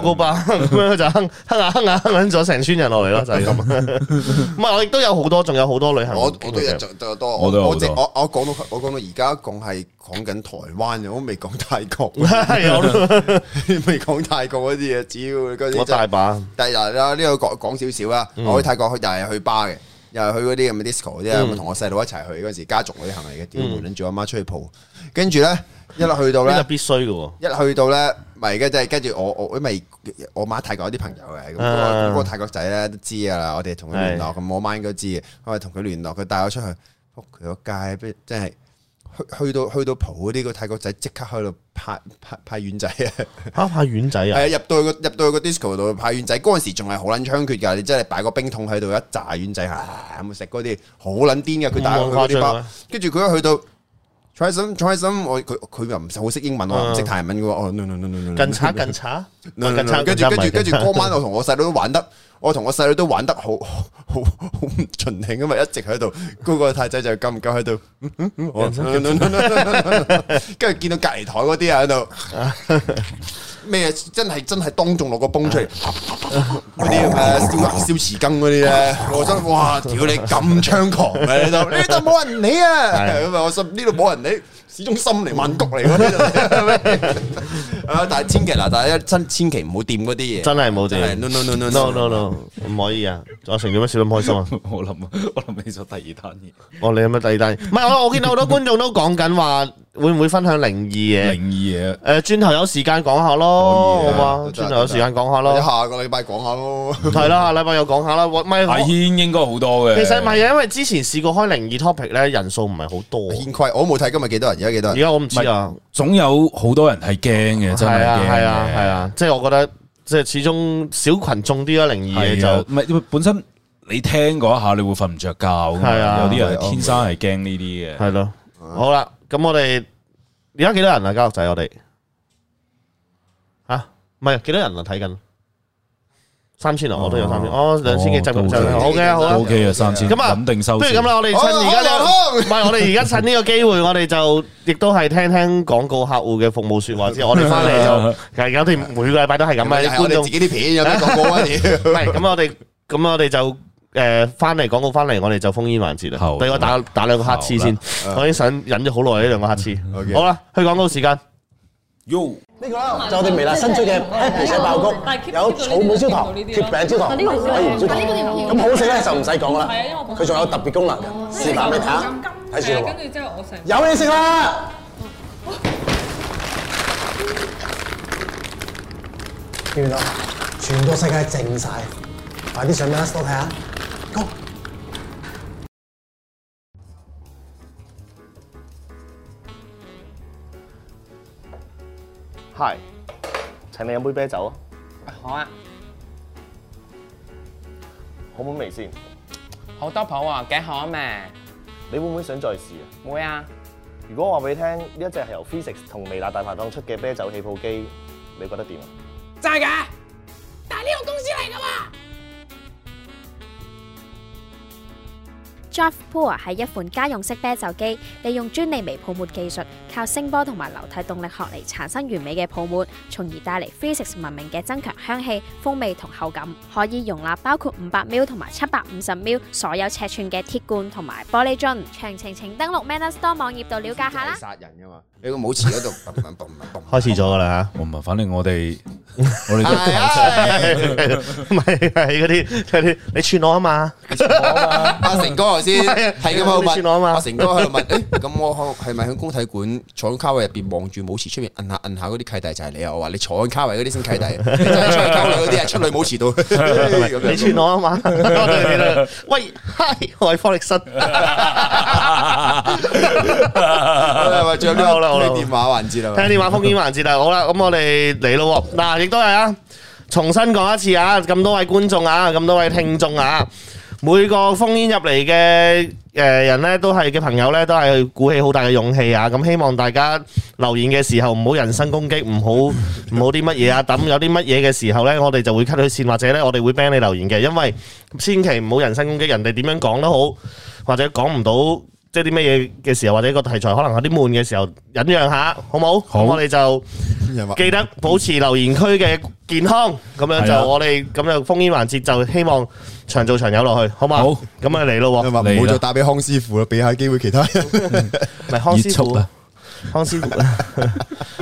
Speaker 1: 高巴咁樣佢就哼哼啊哼啊哼咗成村人落嚟咯，就係、是、咁。唔 係我亦都有好多，仲有好多旅行，旅行我。我我都多。
Speaker 3: 我我講到我講到而家，共係講緊台灣嘅，我未講泰國。未講 泰國嗰啲嘢，主要嗰啲就大、是、把。但係啦，呢個講講少少啦。點點嗯、我去泰國又係去巴嘅，又係去嗰啲咁嘅 disco 嗰啲同我細佬一齊去嗰時，家族旅行嚟嘅，屌門拎住阿媽出去蒲，跟住咧。一落去到咧，必須嘅一去到咧，咪，係嘅，即係跟住我我，因為我，我媽泰國啲朋友嘅，咁嗰個泰國仔咧都知啊。我哋同佢聯絡，咁是我媽應該知嘅。我同佢聯絡，佢帶我出去，屋佢個街，即係去去到去到蒲嗰啲個泰國仔，即刻喺度派派派丸仔啊！派
Speaker 1: 派丸仔啊！係啊， 入
Speaker 3: 到去、個入到去個 disco 度派丸仔，嗰陣時仲係好撚猖獗㗎。你真係擺個冰桶喺度一炸丸仔嚇，咁啊食嗰啲好撚癲㗎。佢帶我去啲包，跟住佢一去到。他 Try some, try some，我佢佢又唔係好識英文，我唔識泰文嘅喎。哦、oh. oh,，no no no no no，緊、no、插，跟住跟住跟住嗰晚我同我細佬都玩得，我同我細佬都玩得好好好好盡興啊嘛！一直喺度，嗰個泰仔就咁咁喺度，跟住見到隔離台嗰啲啊喺度。 咩真係真係當眾落個崩出嚟嗰啲咩燒燒匙羹嗰啲咧，我心哇，屌你咁猖狂嘅，呢度呢度冇人理啊，咁啊我心呢度冇人理，始終心嚟曼谷嚟嗰啲。 但係千祈嗱，大家真千祈唔好掂嗰啲
Speaker 1: 嘢，真係冇掂，no no no no no
Speaker 2: no，唔可以啊！
Speaker 3: 阿成
Speaker 1: 點樣笑得咁開心啊？
Speaker 2: 我諗啊，我諗起咗第二單嘢。
Speaker 1: 哦，你有咩第二單？唔
Speaker 2: 係我，我見到好多觀
Speaker 1: 眾都講緊話，會唔會分享靈異嘢？靈異嘢。誒，轉頭有時間講下咯，好嘛？轉頭有時間講下咯。下
Speaker 3: 個禮拜講下咯。係啦，
Speaker 1: 下禮拜又講下啦。咪
Speaker 3: 阿
Speaker 2: 軒應該好多嘅。其實唔係，
Speaker 1: 因為之前試過開靈異 topic 咧，人數唔係好多。偏規，
Speaker 3: 我冇睇今日幾多人，而家幾多人？而家我
Speaker 1: 唔知啊。
Speaker 2: 總有好多人係驚嘅。係啊，係啊，係啊，即係我覺得，即係始終小群眾啲咯，靈異嘢就唔係本身你聽嗰一下，你會瞓唔着覺嘅。係啊，有啲人天生係驚呢啲嘅。係咯，好啦，
Speaker 1: 咁我哋而家幾多人啊？家樂仔，我哋啊，唔係幾多人啊？睇緊。三千啊，我都有三千，哦，兩千幾執咁就，好嘅，好啊，O K 啊，三千，咁啊，肯定收，不如咁啦，我哋趁而家兩，唔係，我哋而家趁呢個機會，我哋就亦都係聽聽廣告客戶嘅服務說話先，我哋翻嚟就，誒，有啲每個禮拜都係咁啊，啲觀眾，自己啲片有咩廣告啊？屌，唔係，咁我哋，咁我哋就，誒，翻嚟廣告翻嚟，我哋就烽煙環節啦，俾我打打兩個乞嗤先，我已經想忍咗好耐呢兩個乞嗤，好啦，去廣告時間，喲。呢個就係我哋微辣新
Speaker 2: 出
Speaker 3: 嘅黑皮蛋爆谷，有草莓焦糖、鐵餅焦糖、海鹽焦糖，咁好食咧就唔使講啦。佢仲有特別功能，試埋畀你睇下，睇住我話。
Speaker 4: 有嘢食啦！見唔
Speaker 3: 見到？全個世界靜曬，快啲上 best，我睇下。
Speaker 1: Hi，請你飲杯啤酒啊！好啊，好唔好味先？
Speaker 5: 好多泡啊，幾好啊咩？你
Speaker 1: 會唔會想再試啊？會啊。如果我話俾你聽，呢一隻係由 Fizzics 同微辣大排檔出嘅啤酒起泡機，你覺得
Speaker 2: 點啊？真嘅，但係呢個公司嚟嘅喎。
Speaker 3: DraftPour 係一款家用式啤酒機，利用專利微泡沫技術。靠聲波同埋流體動力學嚟產生完美嘅泡沫，從而帶嚟 Physics 文明嘅增強香氣、風味同口感，可以容納包括五百 ml 同埋七百五十 ml 所有尺寸嘅鐵罐同埋玻璃樽。詳情請登錄 Menus 多網頁
Speaker 2: 度了解下啦。殺人噶嘛？你個舞池嗰度，開始咗噶啦吓？唔係，反正我哋
Speaker 3: 我哋都
Speaker 1: 唔好出，唔係係嗰啲，嗰啲你串我啊嘛？
Speaker 3: 阿成哥頭先係噶嘛？你串我啊嘛？阿成哥喺度問：誒，咁我係咪喺工體館？坐喺卡位入邊望住舞池出面，面摁下摁下嗰啲契弟就係你啊！我話你坐喺卡位嗰啲先契弟，出嚟嗰啲啊，出嚟舞池到。你串我啊嘛？多謝你
Speaker 1: 喂，係我係方力申。
Speaker 3: 我係咪着夠啦？聽電話環節啦，聽電話
Speaker 1: 風險環節啦。好啦，咁我哋嚟咯。嗱，亦都係啊，重新講一次啊，咁多位觀眾啊，咁多位聽眾啊。每個封煙入嚟嘅，誒人咧，都係嘅朋友咧，都係鼓起好大嘅勇氣啊！咁希望大家留言嘅時候唔好人身攻擊，唔好唔好啲乜嘢啊！等有啲乜嘢嘅時候咧，我哋就會 cut 你線，或者咧我哋會 ban 你留言嘅。因為千祈唔好人身攻擊，人哋點樣講都好，或者講唔到即係啲乜嘢嘅時候，或者個題材可能有啲悶嘅時候，忍讓下好冇？好，咁我哋就記得保持留言區嘅健康，咁樣就我哋咁樣封煙環節就希望長做長有落去，好嘛？好，咁啊嚟咯，話唔好再打
Speaker 3: 俾康師傅啦，俾下機會其他
Speaker 1: 人。唔係康師傅啊，康師傅啦，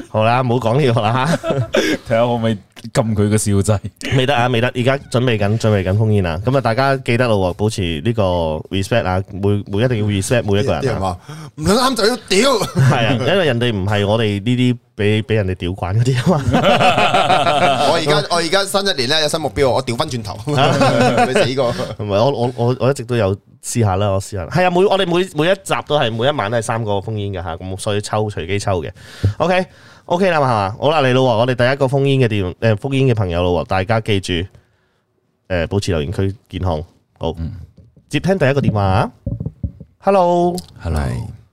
Speaker 1: 好啦，唔好講呢個啦吓，睇
Speaker 2: 下我咪撳佢個笑仔。
Speaker 1: 未得啊，未得，而家準備緊，準備緊烽煙啦。咁啊，大家記得啦，保持呢個 respect 啊，每每一定要 respect 每一個人。啲
Speaker 3: 人話唔啱就屌，係啊，
Speaker 1: 因為人哋唔係我哋呢啲。俾俾人哋屌慣嗰啲啊嘛！
Speaker 3: 我而家我而家新一年咧有新目標，我屌翻轉頭，你死過。
Speaker 1: 唔係我我我我一直都有試下啦，我試下。係啊，每我哋每每一集都係每一晚都係三個封煙嘅吓，咁所以抽隨機抽嘅。OK OK 啦嘛，好啦你咯，我哋第一個封煙嘅電誒封煙嘅朋友咯，大家記住誒保持留言區健康。好，接聽第一個電話。
Speaker 5: Hello。
Speaker 1: Hello。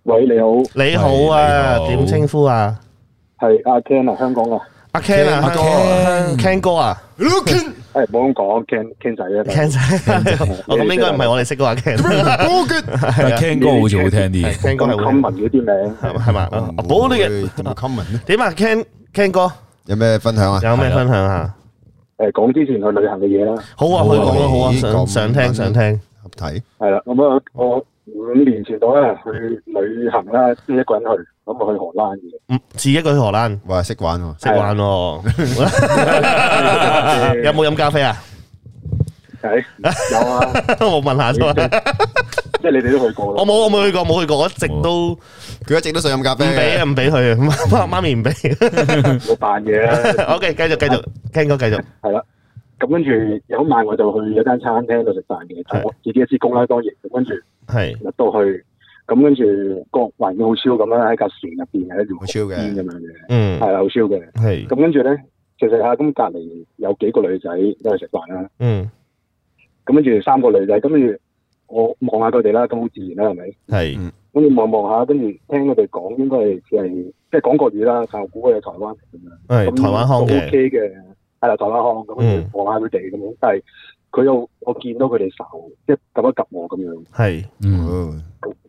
Speaker 5: 喂，你好。你好啊，點稱呼啊？係阿 Ken 啊，香港噶阿 Ken 啊，Ken 哥啊，係冇咁講，Ken Ken 仔啊，Ken
Speaker 1: 仔，我咁應該唔係我哋識噶阿 Ken，但係 Ken 哥好似好聽啲，Ken 哥係 common 嗰啲名係嘛？阿寶呢嘅點 common 咧？點啊？Ken Ken 哥有咩分享啊？有咩分享啊？
Speaker 5: 誒，講之前去旅行嘅嘢啦，好啊，可以講啦，好啊，想
Speaker 1: 想聽，想聽，合體係
Speaker 5: 啦。咁啊，我五年前嗰日去旅行啦，即係一個人去。
Speaker 1: 咁啊去荷蘭嘅，嗯，自己一個去荷蘭，哇，識玩喎，識玩喎，有冇飲咖啡啊？係有啊，我問下先啊，
Speaker 5: 即係你哋都去過
Speaker 1: 咯，我冇，我冇去過，冇去過，我一直都，佢一直都想飲咖啡嘅，唔俾啊，唔俾佢啊，媽咪唔俾，我
Speaker 5: 扮嘢啊，OK，繼續繼續聽歌，繼續係啦，咁跟住有一晚我就去咗間餐廳度食飯嘅，我自己一支公啦，當然，跟住係入到去。咁跟住個環境好超咁樣，喺架船入邊係一條好超嘅，咁樣嘅，嗯，係好超嘅，係。咁跟住咧，其實吓咁隔籬有幾個女仔都係食飯啦，嗯。咁跟住三個女仔，咁跟住我望下佢哋啦，咁好自然啦，係咪？
Speaker 4: 係。
Speaker 5: 跟住望望下，跟住聽佢哋講，應該係即係講國語啦，但我估佢係台灣咁樣，
Speaker 4: 係台灣腔 ok
Speaker 5: 嘅，係啊台灣腔。咁跟住望下佢哋咁樣，但係佢又我見到佢哋手即係 𥄫 一 𥄫 我咁樣，係，嗯。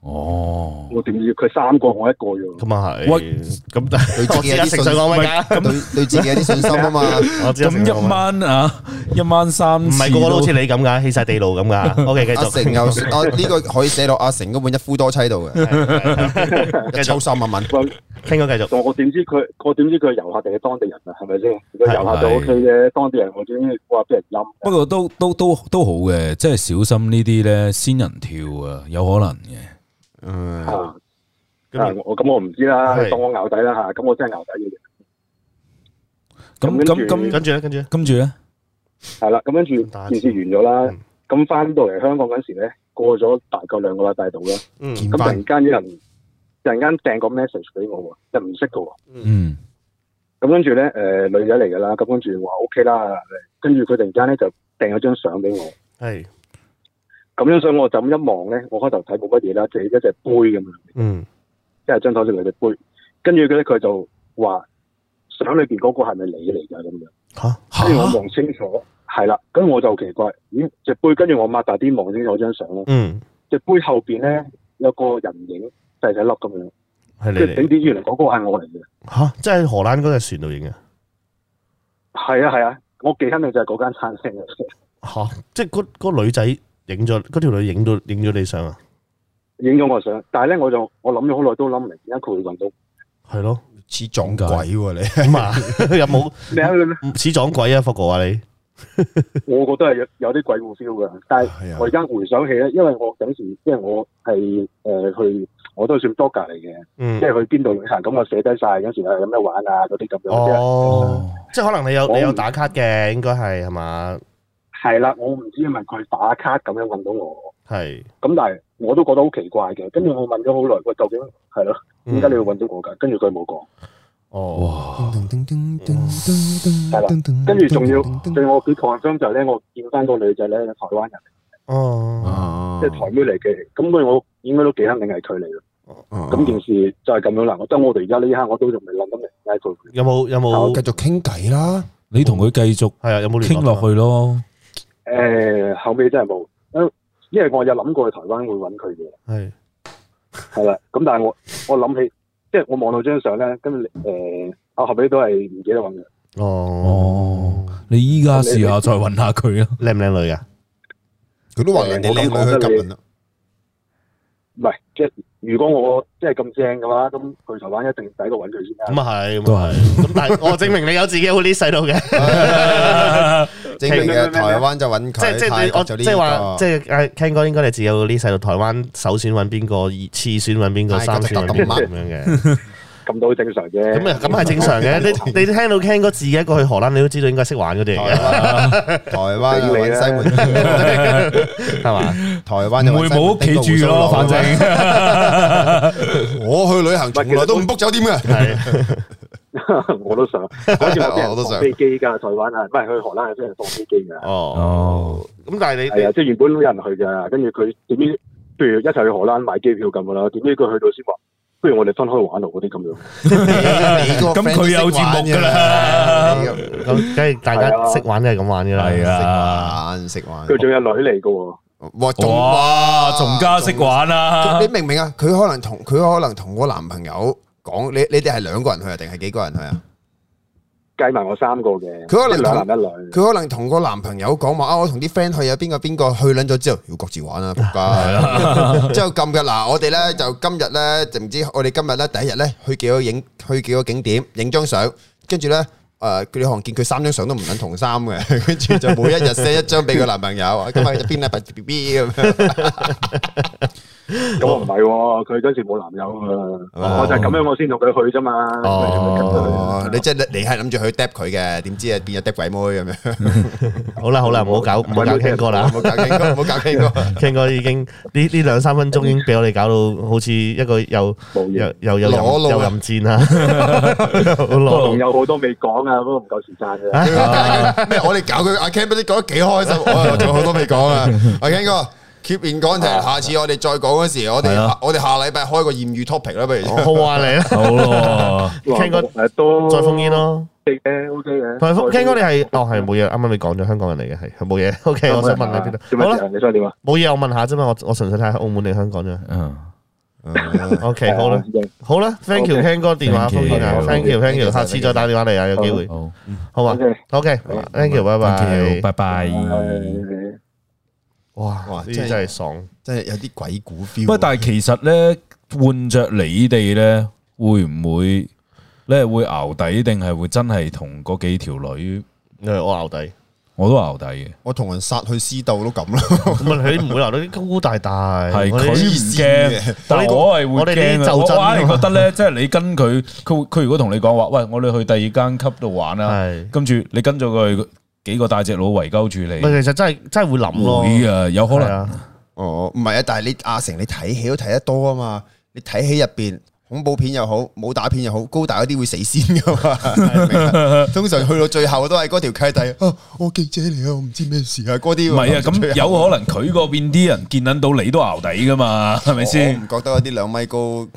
Speaker 5: 哦，我點知佢三個我一
Speaker 1: 個樣？咁啊係，喂，咁
Speaker 2: 對自己有啲信心啊嘛，咁一晚啊，一晚三，唔係個個都好似
Speaker 1: 你咁噶，起晒地爐咁噶。O K，繼續。阿成又，阿呢
Speaker 3: 個可以寫落阿成嗰本一夫多妻度嘅，即係收三萬蚊。聽佢繼續。
Speaker 5: 我點知佢？我點知佢係遊客定係當地人啊？係咪先？如果遊客就 O K 嘅，當地人我點話俾人陰？
Speaker 2: 不過都都都都好嘅，即係小心呢啲咧，仙人跳啊，有可能嘅。
Speaker 5: 嗯，啊，咁我咁我唔知啦，當我牛底啦吓，咁我真係牛底嘅。咁咁
Speaker 2: 咁跟住咧，跟住咧，跟住咧，
Speaker 5: 係啦，咁跟住電視完咗啦，咁翻到嚟香港嗰時咧，過咗大概兩個禮拜度啦，咁突然間有人突然間掟個 message 俾我喎，即係唔識噶喎，嗯，咁跟住咧，誒，女仔嚟噶啦，咁跟住話 OK 啦，跟住佢突然間咧就掟咗張相俾我，係。咁樣，所以我就咁一望咧，我開頭睇冇乜嘢啦，就係一隻杯咁樣。嗯。即係張台上面隻杯，跟住佢咧佢就話，相裏邊嗰個係咪你嚟噶咁樣？吓，跟住我望清楚，係啦哈。咁我就奇怪，咦隻杯？跟住我擘大啲望清楚張相啦。嗯。隻杯後邊咧有個人影細細粒咁樣，即係，
Speaker 1: 點點住嚟
Speaker 5: 原來嗰個係我嚟嘅。
Speaker 1: 吓，即係荷蘭嗰隻船度影啊？
Speaker 5: 係啊係啊，我記得定就係嗰間餐廳。吓
Speaker 1: 即係嗰嗰女仔。影咗嗰條女影到影咗你相啊？
Speaker 5: 影咗我相，但係咧我就我諗咗好耐都諗唔明，點解佢揾到
Speaker 1: 係咯。似撞鬼喎你，起碼有冇咩啊？似撞鬼啊！福哥啊
Speaker 5: 你，我覺得係有有啲鬼 feel 噶，但係我而家回想起咧，因為我有陣時即係我係誒去，我都算 darker 嚟嘅，即係去邊度旅行咁，我寫低晒有陣時係咁樣玩啊嗰啲咁樣，
Speaker 1: 即即係可能你有不你有打卡嘅，應
Speaker 5: 該係係嘛。係啦，我唔知係咪佢打卡咁樣揾到我，係咁但係我都覺得好奇怪嘅。跟住我問咗好耐，喂，究竟係咯？點解你要揾到我噶？跟住佢冇講。哦，係啦。跟住仲要對我幾創傷就係咧，我見翻嗰個女仔咧，台灣人，哦，即係台妹嚟嘅。咁所以我應該都幾肯定係佢嚟嘅。哦，咁件事就係咁樣啦。我得我哋而家呢一刻我都仲未諗緊嚟嗌佢。
Speaker 2: 有冇有冇繼續傾偈啦？你同佢繼續係啊？有冇傾落去咯？
Speaker 5: 誒、呃、後尾真係冇，因為我有諗過去台灣會揾佢嘅，係係啦。咁但係我我諗起，即係我望到張相咧，咁、呃、誒，啊後尾都係唔記得揾嘅。哦，嗯、
Speaker 1: 你依家試下再揾下佢啊，靚唔靚女啊？佢都話人哋靚女去
Speaker 6: 唔係，即係如果我即係咁正嘅話，咁去台
Speaker 1: 灣一定第一個揾佢先啦。咁啊係，都係。咁但係我證明你有自己好 list 到嘅。 證明台灣就揾佢。即係即係我即係話，即係阿 Ken 哥，應該你自己好 list，台灣首選揾邊個，次選揾邊個，三選揾邊個咁樣嘅。
Speaker 5: 咁都好正常啫，咁啊，咁係正常嘅。
Speaker 1: 你你聽到 Ken 哥自己一個去荷蘭，你都知道應該識玩嗰啲嚟嘅。
Speaker 3: 台灣要揾西門，係嘛？台灣又會冇屋企住咯，反正
Speaker 2: 我去旅行從來都唔 book 酒店嘅。我都想，嗰次我真係放飛機㗎，台灣啊，唔係去荷蘭係真
Speaker 5: 係放飛機㗎。哦，咁但係你係啊，即係原本都有人去㗎，跟住佢點知？譬如一齊去荷蘭買機票咁嘅啦，點知佢去到先話。
Speaker 1: 不如我哋分開玩咯，嗰啲咁樣。咁佢有節目噶啦，咁梗係大家識玩
Speaker 3: 都係咁玩噶啦。識玩，識玩。佢
Speaker 2: 仲有女嚟
Speaker 3: 噶，哇，仲哇，
Speaker 2: 仲加識玩啊。你
Speaker 3: 明唔明啊？佢可能同佢可能同我男朋友講，你你哋係兩個人去啊，定係幾個人去啊？
Speaker 5: 計埋我三個嘅，佢可能兩男一
Speaker 3: 女，佢可能同個男朋友講話啊，我同啲 friend 去啊，邊個邊個去捻咗之後要各自玩啦，仆街。之後今日嗱，我哋咧就今日咧，就唔知我哋今日咧第一日咧去幾多影，去幾多景點影張相，跟住咧誒，佢哋可能見佢三張相都唔捻同衫嘅，跟住就每一日寫一張俾個男朋友，今日邊粒 BB 咁樣。咁
Speaker 5: 我唔係，佢嗰時
Speaker 3: 冇男友啊！我就係咁樣，我先同佢去啫嘛。哦，你即係你係諗住去搭佢嘅，點知啊變咗搭鬼妹咁樣？好啦好啦，唔好搞唔好搞，King 哥啦，唔好搞 King 哥，唔好搞
Speaker 1: King 哥。King 哥已經呢呢兩三分鐘，已經俾我哋搞到好似一個又又又又又又任戰啦。
Speaker 3: 仲有好多未講
Speaker 5: 啊，不過
Speaker 3: 唔夠時間啊。我哋搞佢，阿 Ken 唔知講得幾開心，我仲好多未講啊，阿 King 哥。keep clean 乾淨，下次我哋再講嗰時，我哋我哋下禮拜開個豔遇 topic 啦，不如好話你啦。好咯，King 哥，再封煙咯，OK k 嘅。同埋 King 哥，你係
Speaker 1: 哦，係冇嘢。啱啱你講咗香港人嚟嘅，係冇嘢。OK，我想問下邊度。好
Speaker 5: 啦，
Speaker 1: 冇嘢，我問下啫嘛。我我純粹睇下澳門定香港啫。嗯，OK，好啦，好啦，Thank you，King 哥電話封煙啊，Thank you，Thank you，下次再打電話嚟啊，有機會。好，好嘛，OK，OK，Thank you，拜
Speaker 2: 拜，拜拜。
Speaker 3: 哇哇！呢啲真係爽，真係有啲鬼古
Speaker 2: feel。不，但係其實咧，換着你哋咧，會唔會咧會熬底，定係會真係同嗰幾條女？誒，我熬底，我都熬底嘅。我同人殺去私鬥都咁啦，唔係佢唔會鬧到啲高大大。
Speaker 1: 係佢唔驚嘅，但係我係會驚嘅。我反而覺得咧，
Speaker 2: 即係你跟佢，佢會佢如果同你講話，喂，我哋去第二間級度玩啦。係，跟住你跟咗佢。幾個大隻佬圍鳩住你，其實真係真係會諗咯，啊，有可能，啊、哦，唔係啊，但
Speaker 3: 係你阿成你睇戲都睇得多啊嘛，你睇戲入邊恐怖片又好，武打片又好，高大嗰啲會先死先噶嘛，通常去到最後都係嗰條契弟 啊，我記者嚟啊，我唔知咩事啊，嗰啲唔係啊，咁有可能
Speaker 2: 佢嗰邊啲人見捻到你都淆
Speaker 3: 底噶嘛，係咪先？我唔覺得嗰啲兩米高。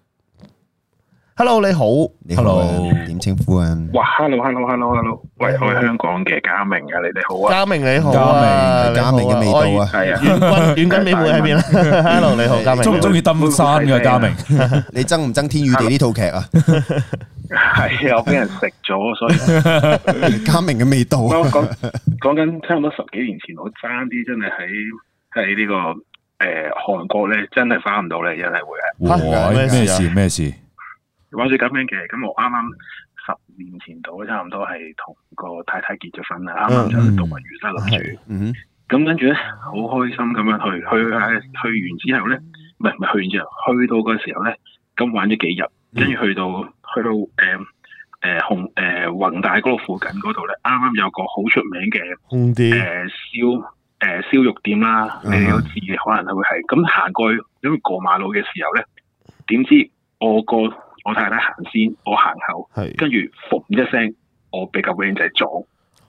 Speaker 1: Hello，你好。Hello，
Speaker 3: 點稱呼啊？
Speaker 6: 哇，Hello，Hello，Hello，Hello，喂，我係香港嘅嘉明啊，你哋好啊，嘉
Speaker 1: 明你
Speaker 3: 好，嘉明，嘉明嘅味道啊，係啊，婉君，婉君，你會喺邊？Hello，你好，嘉明，中唔中意登山噶？嘉明，你憎唔憎天與地呢套劇啊？
Speaker 4: 係啊，我俾人食咗，所以
Speaker 6: 嘉
Speaker 3: 明嘅味道。我
Speaker 6: 講講緊差唔多十幾年前，我爭啲真係喺喺呢個誒韓國咧，真係翻唔到咧，真係會啊！咩事咩事？玩最咁樣嘅，咁、嗯、我啱啱十年前度差唔多係同個太太結咗婚啦，啱啱就去動物園啦諗住，咁跟住咧好開心咁樣去，去去，去完之後咧，唔係唔係去完之後，去到嗰個時候咧，咁玩咗幾日，跟住去到、嗯、去到誒誒紅誒弘大嗰度附近嗰度咧，啱啱有個好出名嘅誒燒誒燒肉店啦，你有次可能係會係，咁行過去因為過馬路嘅時候咧，點知我個。我太太行先，我行後，跟住，嘣一聲，我比個 wing 仔撞，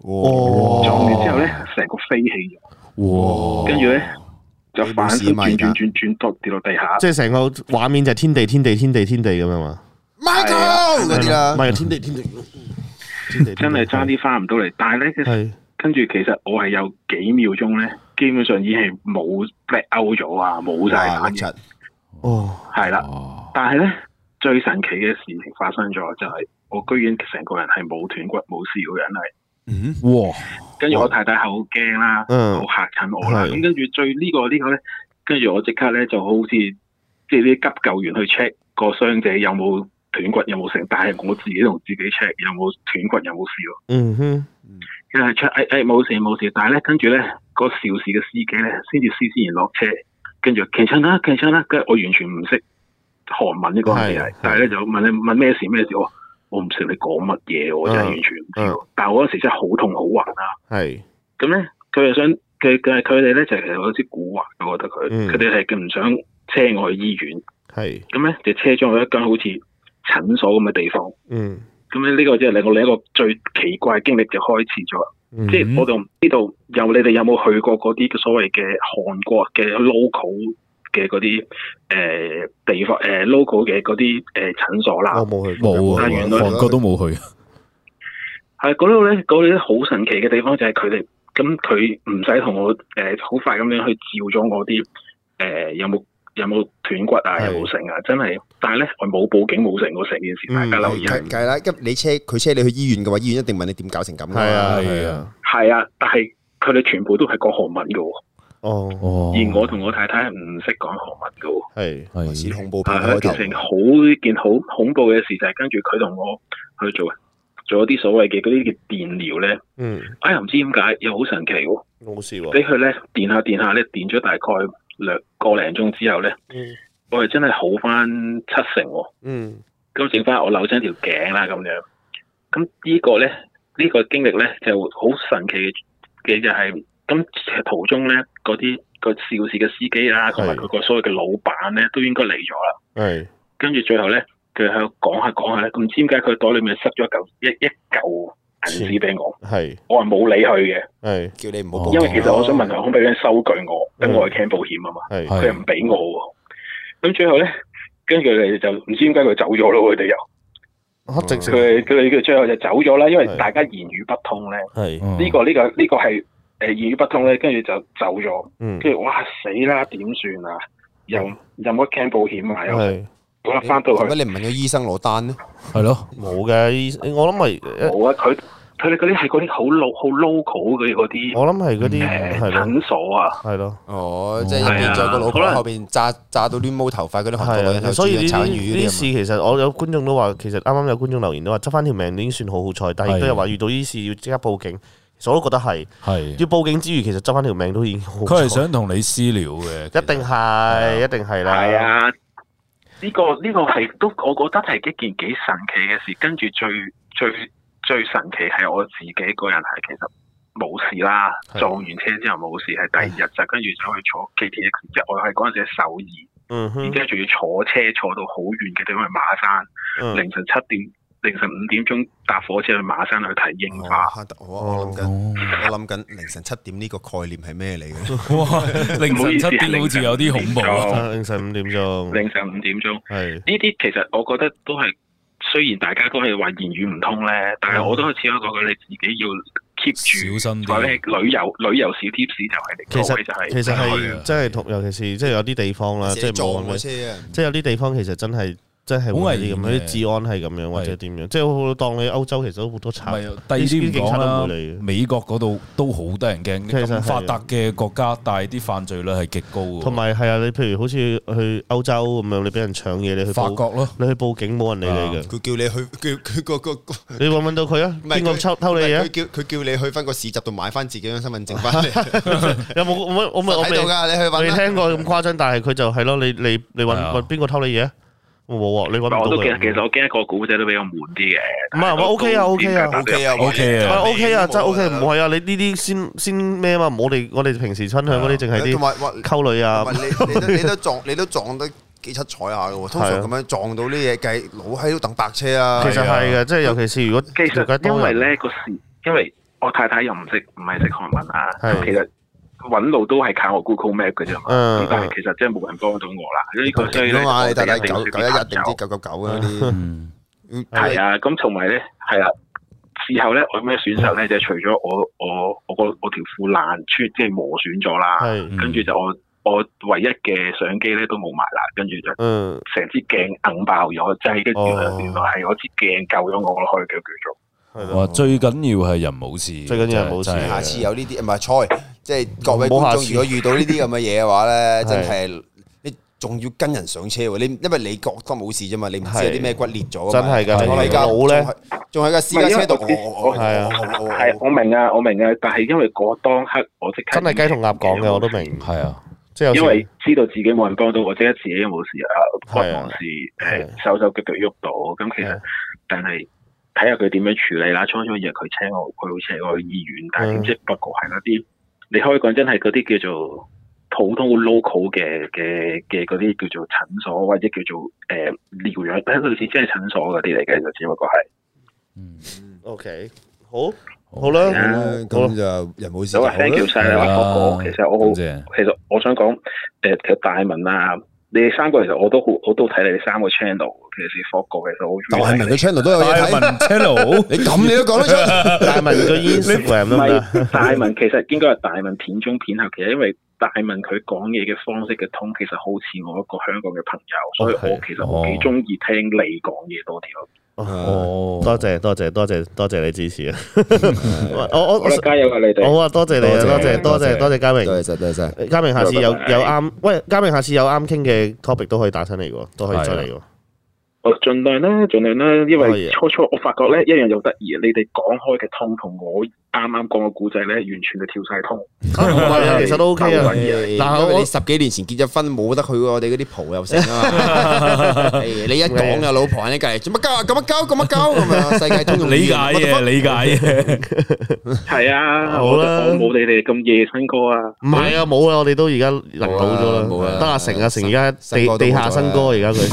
Speaker 6: 撞完之後咧，成個飛起咗，
Speaker 1: 哇！跟住
Speaker 6: 咧就反轉轉轉轉跌落地下，即
Speaker 1: 係成個畫面就天地天地天地天地咁樣嘛。
Speaker 6: Michael，唔係啊，天地天地，天地真係差啲翻唔到嚟。但係咧，跟住其實我係有幾秒鐘咧，基本上已經冇 black out 咗啊，冇晒眼疾。哦，係啦，但係咧。最神奇嘅事情發生咗，就係、是、我居然成個人係冇斷骨冇事嘅樣嚟。嗯，哇！跟住我太太係好驚啦，好、嗯、嚇親我啦。咁、嗯、跟住最呢、這個這個呢個咧，跟住我即刻咧就好似即係啲急救員去 check 個傷者有冇斷骨有冇成，但係我自己同自己 check 有冇斷骨有冇事咯。
Speaker 4: 嗯
Speaker 6: 哼，跟住 check 誒誒冇事冇事，但係咧跟住咧、那個肇事嘅司機咧先至先先而落車，跟住 cancel 啦 cancel 啦，跟住我完全唔識。韓文是呢個嘢係，但係咧就問，問你問咩事咩事，我唔識你講乜嘢，我真係完全唔知。啊啊、但係我嗰時真係好痛好暈啦。係咁咧，佢又是想佢佢係佢哋咧，就其實有啲古惑。我覺得佢。佢哋係唔想車我去醫院。係咁咧，就車咗去一間好似診所咁嘅地方。嗯。咁咧呢個即係令我另一個最奇怪嘅經歷就開始咗。即係、嗯、我就唔知道你有你哋有冇去過嗰啲所謂嘅韓國嘅 local。嘅嗰啲誒地方誒 local 嘅嗰啲誒診所啦，我冇去冇啊，韓國來都冇去。 係嗰度咧，嗰度咧，嗰度好神奇嘅地方就係佢哋，咁佢唔使同我誒好、uh, 快咁樣去照咗我啲誒有冇有冇斷骨啊有冇成啊真係，但係咧我冇報警冇成嗰成件事，梗係啦
Speaker 3: 梗係啦，咁你車佢車你去醫院嘅話，醫院一定問你點搞成咁噶啦，係啊
Speaker 6: 係啊，係啊，啊，啊，但係佢哋全部都係講韓文噶。哦，哦，而我同我太太唔識講韓文噶，係係啲恐怖片開頭，係佢其實好件好恐怖嘅事就係跟住佢同我去做做一啲所謂嘅嗰啲叫電療咧，嗯，我，哎，唔知點解又好神奇，冇事喎，俾佢咧電下電下咧，電咗大概兩個零鐘之後咧，
Speaker 1: 嗯、
Speaker 6: 我係真係好翻七成，嗯，咁剩翻我扭傷條頸啦咁樣，咁呢個咧呢個經歷咧就好神奇嘅就係、係。咁途中咧，嗰啲個肇事嘅司機啦，同埋佢個所謂嘅老闆咧，都應該嚟咗啦。係是。跟住最後咧，佢喺度講下講下咧，唔知點解佢袋裏面塞咗一嚿一一嚿銀紙俾我。係。我話冇理佢嘅。係。
Speaker 3: 叫你唔好、喔。因為其實我想問下，可
Speaker 6: 唔可以收據我，等我去傾保險啊嘛。佢又唔俾我喎。咁最後咧，跟住佢哋就唔知點解佢走咗咯，佢哋又。
Speaker 4: 嚇！直佢
Speaker 6: 佢佢最後就走咗啦，因為大家言語不通咧。係。呢個呢個呢個係。嗯誒語言不通咧，跟住就走咗，跟住哇死啦！點算
Speaker 1: 啊？
Speaker 3: 又
Speaker 6: 又冇傾保險啊，
Speaker 3: 我一翻到去，點解你唔問個醫生攞單呢？
Speaker 2: 係咯，
Speaker 1: 冇嘅醫我諗係冇啊！佢佢哋嗰啲係嗰啲好老好
Speaker 3: local 嗰啲，我諗係嗰啲診所啊，係咯，哦，
Speaker 1: 即係連在個老公後
Speaker 3: 邊炸炸到亂毛頭髮嗰啲合作人，所以呢呢事
Speaker 1: 其實我有觀眾都話，其實啱啱有觀眾留言都話，執翻條命已經算好好彩，但係都又話遇到呢事要即刻報警。我都覺得係，係是要報警之餘，其實執翻條命都已經好。佢係想同你私聊嘅，一定係，啊、一定係啦。係啊，
Speaker 6: 呢、啊這個呢、這個係都我覺得係一件幾神奇嘅事。跟住最最最神奇係我自己個人係其實冇事啦，啊、撞完車之後冇事，係第二日就跟住走去坐地鐵，即係我係嗰陣時喺首爾，嗯
Speaker 4: 哼，然之後
Speaker 6: 仲要坐車坐到好遠嘅地方去馬山，嗯、凌晨七點。凌晨五點鐘搭火車去馬山去睇櫻花。我諗
Speaker 3: 緊，我諗緊凌晨七點呢個概念係咩嚟嘅？凌晨七點好似有啲恐怖。凌晨五點鐘，凌晨五點鐘係呢啲，其實我覺得都係
Speaker 6: 雖然大家都係話言語唔通咧，但係我都開始想講得你自己要 keep 住，小心啲旅遊旅遊小 tips 就係其實就係，其實係
Speaker 1: 即係同，尤其是即係有啲地方啦，即係坐火車，即係有啲地方其實真係。真係好危險，啲治安係
Speaker 2: 咁樣或者點樣，
Speaker 1: 即係當你歐洲其實好多賊，第二啲警察,都唔會嚟。
Speaker 2: 美國嗰度都好得人驚，咁發達嘅國家，但係啲犯罪率係極高。同埋係啊，
Speaker 1: 你譬如好似去歐洲咁樣，你俾人搶嘢，你去法國咯，你去報警冇人理你嘅。佢
Speaker 3: 叫你去，叫佢個個你揾唔揾到佢啊？唔係邊個偷偷你嘢啊？叫佢叫你去翻個市集度買翻自己嘅身份證翻嚟。有冇我我我未我你聽過咁誇張，
Speaker 1: 但係佢就係咯，你你你揾揾邊個偷你嘢啊？冇啊，你講到
Speaker 6: 我都驚，其實我驚一個古仔都比較悶啲嘅。唔係，我 OK
Speaker 1: 啊，OK 啊，OK 啊，OK 啊，真係 OK，唔係啊，你呢啲先先咩啊嘛？我哋我哋平時親向嗰啲，淨係啲同溝女啊。你你
Speaker 3: 都撞你都撞得幾七彩下噶，通常咁樣撞到啲嘢計老喺度等白車啊。其實係啊，
Speaker 1: 即係尤其是如果因為咧個事，因為
Speaker 3: 我太太又唔識
Speaker 6: 唔係識韓文啊，其實。揾路都係靠我 Google Map 嘅啫嘛，但係其實真係冇人幫到我啦。因為呢個即係呢，一定啲九九九嗰啲，係啊。咁同埋咧，係啊。事後咧，我咩選擇咧？就係除咗我，我我個我條褲爛穿，即係磨損咗啦。跟住就我我唯一嘅相機咧都冇埋啦。跟住就成支鏡硬爆咗，真係跟住。原來係
Speaker 3: 我支鏡救咗我，我可以叫叫做。哇！
Speaker 2: 最緊要係人冇事，最緊要係冇事。下次
Speaker 3: 有呢啲唔係即係各位觀眾，如果遇到呢啲咁嘅嘢嘅話咧，真係你仲要跟人上車，你因為你覺得冇事啫嘛，你唔知啲咩骨裂咗，真係噶，我而家好咧，仲喺個私家車度。係
Speaker 6: 啊，係我明啊，我明啊，但係因為嗰當刻我即刻真係雞同鴨講，我都明，係啊，
Speaker 3: 即係因為
Speaker 6: 知道自己冇人幫到我，即係自己冇事啊，骨冇事，係手手腳腳喐到，咁其實但係睇下佢點樣處理啦，初初嘢佢請我，佢好似係我去醫院，但係點知不過係一啲。你可以講真係嗰啲叫做普通 local 嘅嘅嘅，嗰啲叫做診所或者叫做誒、呃、療養，喺類似真係診所嗰啲嚟嘅，就只不過係，嗯，嗯
Speaker 1: ，OK，好，好啦，咁就
Speaker 6: 又冇好事啦。好啊，thank you 曬啦常，yeah, 其實我好，thank you. 其實我想講誒、呃、其實大文啊。你哋三個其實我都好我都睇你哋三個 channel，其實霍哥其實好中意大文嘅 channel 都有嘢睇，大文 channel 你咁你都講得出。大文嘅 Instagram 啊嘛，大文其實應該係大文片中片後，其實因為大文佢講嘢嘅方式嘅通，其實好似我一個香港嘅朋友，okay, 所以我其實我幾中意聽你講嘢多啲
Speaker 1: 咯。哦哦、oh, oh，多謝多謝多謝多謝你支持啊！ 我我 加油啊你哋！好啊，多謝你啊，多謝多謝多謝嘉明，多謝多謝嘉明，下次有有啱，喂，嘉明下次有啱傾嘅 topic 都可以打上嚟噶，都可以出嚟噶。
Speaker 6: 了我盡量咧，盡量咧，因為謝初初我發覺咧一樣又得意，你哋講開嘅痛同我。
Speaker 3: 啱啱講個故仔咧，完全就跳晒通，其實都 OK 啊！但係我哋十幾年前結咗婚冇得去過，我哋嗰啲蒲又成。你一講啊，老婆喺度計做乜交咁啊交咁啊交咁樣，世界通用理解嘅，理解嘅。係啊，
Speaker 1: 好啦，冇
Speaker 6: 你哋咁夜新歌
Speaker 1: 啊！唔係啊，冇啊，我哋都而家輪到咗啦，得阿成阿成而家地地下新歌，而家佢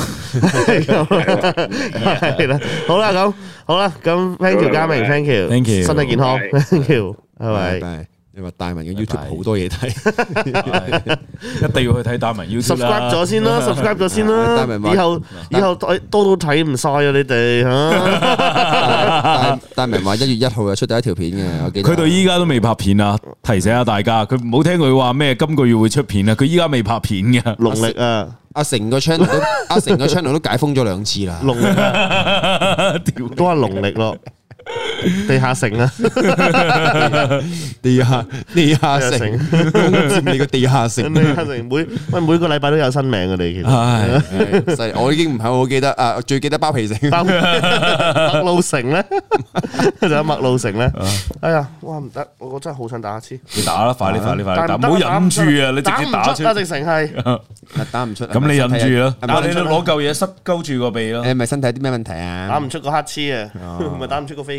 Speaker 1: 好啦。好啦，咁好啦，咁 thank you 嘉明，thank you，thank you，身體健康。
Speaker 2: 係咪？你 話樂大文嘅 YouTube 好多嘢睇， 是是一定要去睇大文 YouTube，啊。subscribe 咗先啦，subscribe 咗先啦。大文 以後
Speaker 1: 以後多到睇唔晒啊你！你哋 大
Speaker 3: 大，大文話一月一號又出第一條片嘅，佢到依
Speaker 2: 家都未拍片啊！提醒下大家，佢唔好聽佢話咩，今個月會出片，片啊！佢依家未拍片嘅，農曆啊！阿、啊、成個 channel 都阿成、啊、個 channel 都解封咗兩次啦，農
Speaker 3: 曆、啊、 都係農曆咯。地下城啊，地下地下城，接你個地下城，地下
Speaker 1: 城每每個禮拜都有新名嘅你，我我
Speaker 3: 已經唔係好記得啊，最記得包皮城、麥
Speaker 1: 路城咧，仲有麥路城咧，哎呀，哇唔得，我真係好想打乞嗤，你打啦，快啲快啲快啲打，唔好忍住啊，你直接打出，直成係，
Speaker 3: 係打唔出，咁你忍住咯，打你攞
Speaker 2: 嚿嘢塞鳩住個鼻咯，
Speaker 3: 你係咪身體啲咩問題啊？打唔
Speaker 1: 出個乞嗤啊，唔係打唔出個飛。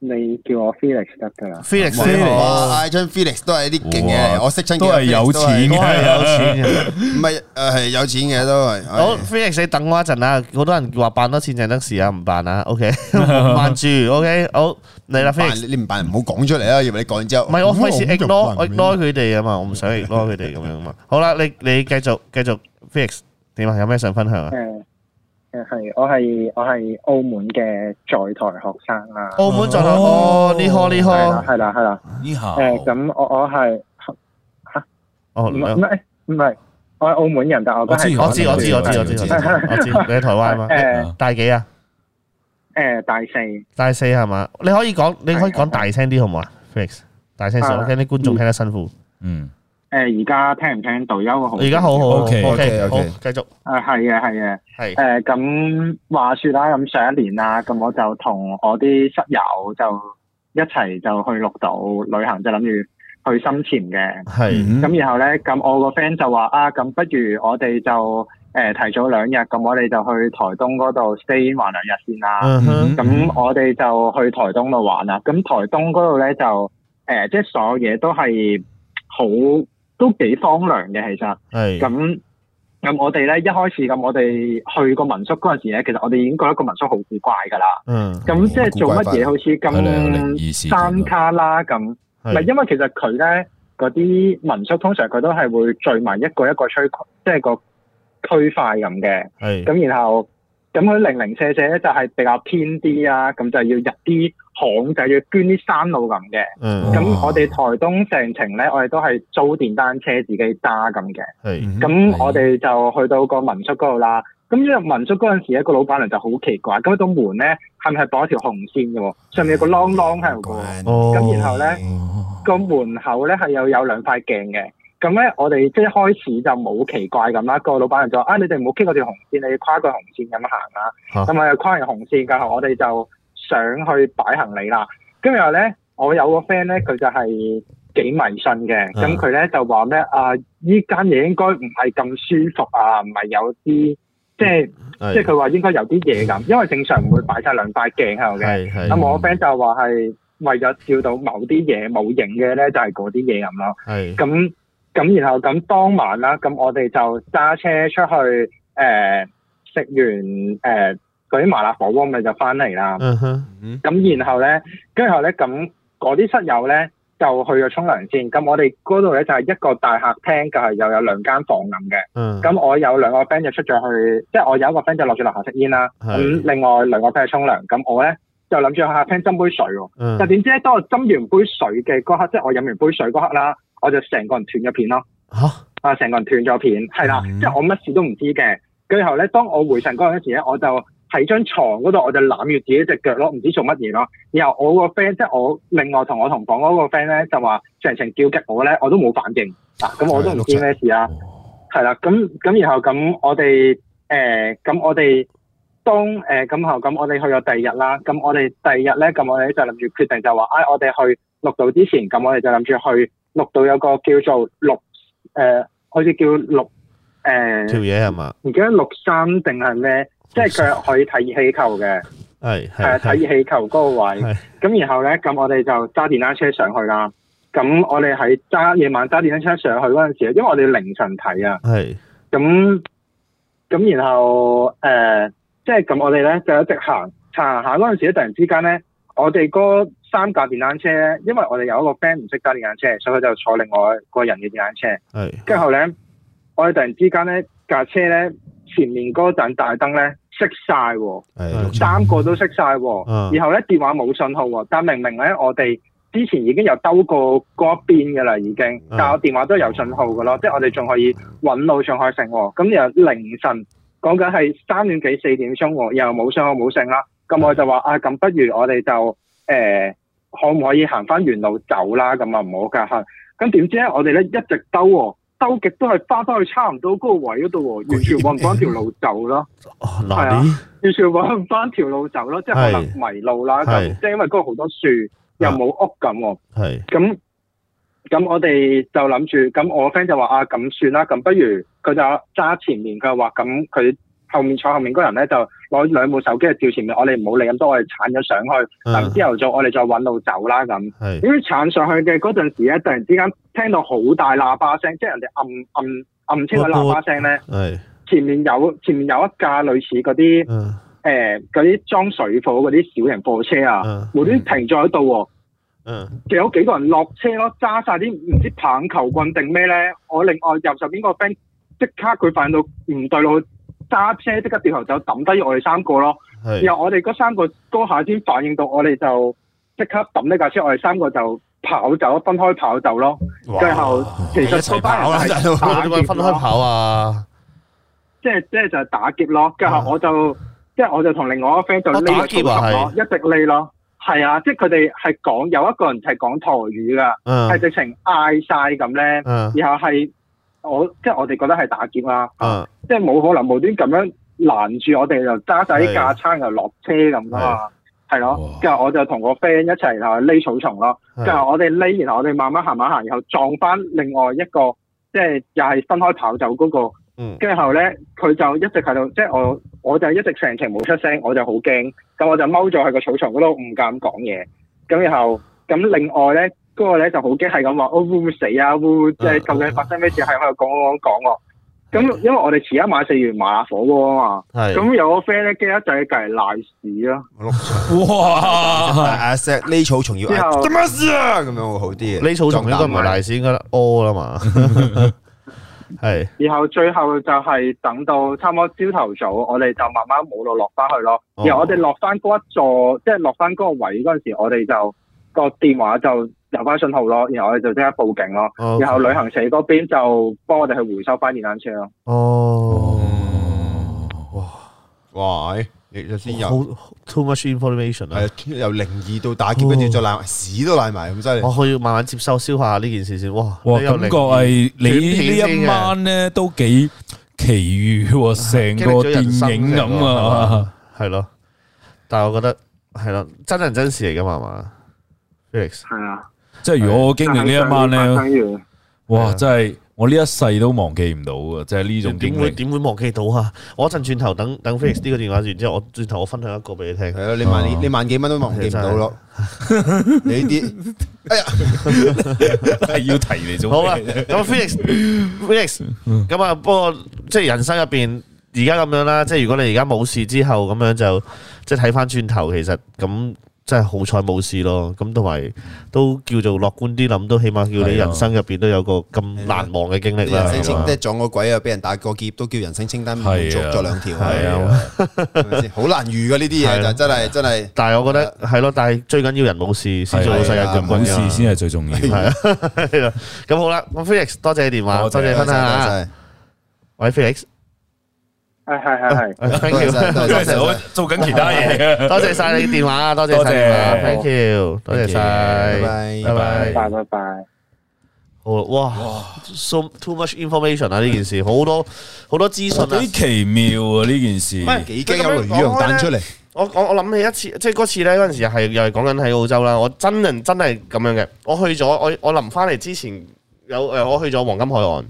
Speaker 3: 你叫我 Felix 得噶啦，Felix，Ivan Felix 都係啲勁嘅，我識親佢都係有錢嘅，唔係誒係有錢嘅都係。好
Speaker 1: ，Felix 你等我一陣啦，好多人話辦多錢就得事啊，唔辦啊，OK，慢住，OK，好，你啦，Felix 你唔辦唔好講出嚟啊，以為你講完之後，唔係我開始 ignore ignore 佢哋啊嘛，我唔想 ignore 佢哋咁樣啊嘛。好啦，你你繼續繼續 Felix 點啊，有咩想分享啊？
Speaker 5: 誒，係，我係我係澳門嘅在台學生啊。澳門在台哦，呢科呢科，係啦係啦。呢下。誒，咁我我係吓，唔係唔係，我係澳門人，但我知我知我知我知我知，我知你喺台灣嘛？誒，大幾啊？誒，大四。
Speaker 1: 大四係嘛？你可以講，你可以講大聲啲好唔好啊？Fix，大聲少，我聽啲觀眾聽得辛苦。嗯。
Speaker 5: 誒，而家聽唔聽到？而家好好，好，好，OK OK OK，繼續。誒、啊，係嘅，係嘅，係的。誒、呃，咁話說啦，咁上一年啦，咁我就同我啲室友就一齊就去綠島旅行，就諗住去深潛嘅。係的。咁、嗯嗯、然後咧，咁我個 friend 就話啊，咁不如我哋就誒提早兩日，咁我哋就去台東嗰度 stay 玩兩日先啦。咁我哋就去台東度玩啦。咁台東嗰度咧就誒、呃，即係所有嘢都係好。都幾荒涼嘅，其實。係是。咁咁、嗯，我哋咧一開始咁，我哋去個民宿嗰陣時咧，其實我哋已經覺得個民宿好古怪㗎喇。嗯。
Speaker 4: 咁、嗯、即係是做乜嘢？好似咁山
Speaker 5: 卡啦咁。係。因為其實佢咧嗰啲民宿通常佢都係會聚埋一個一個區塊，即係個區塊咁嘅。係。咁然後咁佢零零舍舍就係比較偏啲啊，咁就要入啲。巷就要捐啲山路咁嘅，咁、哎啊、我哋台東成程咧，我哋都係租電單車自己揸咁嘅。
Speaker 4: 係、哎，咁、嗯、我
Speaker 5: 哋就去到個民宿嗰度啦。咁入民宿嗰陣時咧，個老闆娘就好奇怪，咁、那、到、個、門咧係咪係綁一條紅線嘅？上面有個啷啷喺度嘅。咁、哦、然後咧個門口咧係又有兩塊鏡嘅。咁咧我哋即一開始就冇奇怪咁啦。個老闆娘就話：啊，你哋唔好傾嗰條紅線，你要跨過紅線咁行啊！咁啊，跨完紅線之後，我哋就。想去擺行李啦，今日咧，我有個 friend 咧，佢就係幾迷信嘅，咁佢咧就話咩啊？依間嘢應該唔係咁舒服啊，唔係有啲即係是即係佢話應該有啲嘢咁，因為正常唔會擺晒兩塊鏡喺度嘅。咁我個 friend 就話係，嗯、為咗照到某啲嘢冇影嘅咧，就係嗰啲嘢咁咯。係
Speaker 4: 咁
Speaker 5: 咁，然後咁當晚啦，咁我哋就揸車出去誒，呃、食完誒。呃嗰啲麻辣火鍋咪就翻嚟啦，咁然後咧，跟住咧咁嗰啲室友咧就去咗沖涼先。咁我哋嗰度咧就係一個大客廳，就係又有兩間房咁嘅。咁我有兩個 friend 就出咗去，即係我有一個 friend 就落住樓下食煙啦。咁另外兩個 friend 沖涼。咁我咧就諗住去客廳斟杯水喎。但點知咧，當我斟完杯水嘅嗰刻，即係我飲完杯水嗰刻啦，我就成個人斷咗片咯。啊，成個人斷咗片，係啦，即係我乜事都唔知嘅。最後咧，當我回神嗰陣時咧，我就，喺張床嗰度我就攬住自己隻腳咯，唔知做乜嘢咯。然後我個 friend 即係我另外同我同房嗰個 friend 咧就話成成叫極我咧，我都冇反應啊。咁我都唔知咩事的啊。係啦，咁咁然後咁我哋誒，咁、呃、我哋當誒咁、呃、後咁、嗯、我哋去咗第二日啦。咁我哋第二日咧，咁我哋就諗住決定、啊、就話、uh,，哎，我哋去錄到之前，咁我哋就諗住去錄到有個叫做六誒，好似叫六誒條嘢係嘛？而家六三定係咩？即係佢可以睇熱氣球嘅，
Speaker 1: 係係睇熱氣
Speaker 5: 球嗰個位，咁然後咧，咁我哋就揸電單車上去啦。咁我哋喺揸夜晚揸電單車上去嗰陣時，因為我哋凌晨睇啊，係咁咁然後誒，即係咁我哋咧就一直行行下。嗰陣時咧，突然之間咧，我哋嗰三架電單車咧，因為我哋有一個 friend 唔識揸電單車，所以佢就坐另外一個人嘅電單車，係是。跟住後咧是，我哋突然之間咧架車咧前面嗰盞大燈咧。識晒，三個都識晒，然後咧電話冇信號，但明明咧我哋之前已經有兜過嗰一邊嘅啦，已經，但我電話都有信號嘅咯，嗯、即係我哋仲可以搵路上去城，咁又凌晨講緊係三點幾四點鐘，又冇信號冇城啦，咁、嗯、我就話啊，咁不如我哋就誒、呃、可唔可以行翻原路走啦？咁啊唔好噶，咁點知咧我哋咧一直兜。兜極都係翻翻去差唔多嗰個位嗰度喎，完全搵唔翻條路走咯。係啊，完全搵唔翻條路走咯，即係可能迷路啦。咁即係因為嗰個好多樹， 又冇屋咁。係咁咁，我哋就諗住，咁我 friend 就話啊，咁 算啦，咁、啊、不如佢就揸前面，佢話咁，佢後面坐後面嗰人咧就。攞兩部手機嚟照前面，我哋唔好理咁多，我哋鏟咗上去。咁、uh, 之後我再我哋再揾路走啦咁。點知鏟上去嘅嗰陣時咧，突然之間聽到好大喇叭聲，即係人哋按按按清個喇叭聲咧。係前面有前面有一架類似嗰啲誒啲裝水貨嗰啲小型貨車啊，uh, 無端，端停咗喺度喎。Uh, 嗯、有幾個人落車咯，揸晒啲唔知棒球棍定咩咧。我另外右手邊個 friend 即刻佢反到唔對路。揸車即刻掉頭走抌低我哋三個咯，是然後我哋嗰三個嗰下先反應到，我哋就即刻抌呢架車，我哋三個就跑走，分開跑走咯。最後哇其實 點解分開跑啊？即係即係就係、是就是、打劫咯，然後我就即係、啊、我就同另外一個 friend 就匿住行咯，一直匿咯。係啊，即係佢哋係講有一個人係講台語噶，係、啊、直情嗌晒咁咧，啊啊、然後係。我即係我哋覺得係打劫啦，uh, 即係冇可能無端咁樣攔住我哋就揸晒啲架撐就落車咁、uh, 的啊，係咯的。跟住哇我就同個 friend 一齊，然後匿草叢咯。跟住、uh, 我哋匿，然後我哋慢慢行慢行，然後撞翻另外一個，即係又係分開跑走嗰、那個。跟住、uh, 後咧，佢就一直喺度，即、就、係、是、我我就一直成程冇出聲，我就好驚。咁我就踎咗喺個草叢嗰度，唔敢講嘢。咁然後，咁另外咧。嗰個咧就好驚，係咁話：會唔會死啊？會唔會即係究竟發生咩事？喺喺度講講講喎。咁因為我哋遲一晚四月麻辣火鍋啊嘛。係。咁有個 friend 咧驚一陣，
Speaker 3: 佢隔籬賴屎咯。哇！阿 Sa 呢草仲要之後點啊？咁樣會好啲。呢草仲要都唔賴屎噶啦，屙啦嘛。
Speaker 1: 係。
Speaker 5: 然後最後就係等到差唔多朝頭早，我哋就慢慢冇到落翻去咯。然後我哋落翻嗰一座，即係落翻嗰個位嗰陣時，我哋就個電話就。留
Speaker 3: 翻信
Speaker 1: 號咯，
Speaker 3: 然
Speaker 1: 後我哋就即刻報警咯。然後旅行社嗰邊就幫我哋去回收翻電單車咯。哦，哇哇，你先有 too much information
Speaker 3: 啊！由靈異到打
Speaker 1: 劫，跟住
Speaker 2: 再
Speaker 3: 爛屎都爛
Speaker 1: 埋咁犀利。我可以慢慢接收消化呢件事先。哇，我感覺係你呢一晚
Speaker 2: 咧都幾奇遇，成個電影咁啊，
Speaker 1: 係咯。但係我覺得係啦，真人真事嚟噶嘛係嘛。Alex，係啊。
Speaker 2: 即係如果我經歷呢一晚咧，哇！真係我呢一世都忘記唔到啊。即係呢種經歷。點會點會忘記到啊？我一陣轉頭等等 fix 呢個電話完之後，我
Speaker 1: 轉頭我分享一個俾你聽。係啊你，你萬你萬幾蚊都忘記晒到咯，其實。 你啲哎呀，係要提你做。好啦，咁 fix 咁啊。不過即係人生入邊而家咁樣啦。即係如果你而家冇事之後咁樣就即係睇翻轉頭，其實咁。真係好彩冇事咯，咁同埋都叫做樂觀啲諗，都起碼叫你人生入邊都有個咁難忘嘅經歷啦。即係
Speaker 3: 撞個鬼又俾人打個劫，都叫人生清單捉咗兩條。係啊，好難預嘅呢啲嘢就真係真係。
Speaker 1: 但係我覺得係咯，但係最緊要人冇事先做，世界，人冇事先
Speaker 2: 係最重要。
Speaker 1: 係啊，咁好啦，我 Felix 多謝電話，多謝分享吓。喂，Felix。
Speaker 2: 啊係
Speaker 5: 係係，thank you，多謝晒，
Speaker 2: 做
Speaker 1: 緊其他嘢，多謝晒你電話啊，多謝晒 thank you，多謝晒，拜拜拜拜拜拜。好哇，so too much information 啊，呢件事，好多好多資訊啊，奇妙啊呢件事，幾驚有雷雨彈出嚟。我我我諗起一次，即係嗰次咧嗰陣時係又係講緊喺澳洲啦，我真係真係咁樣嘅，我去咗我我臨翻嚟之前有誒我去咗黃金海岸，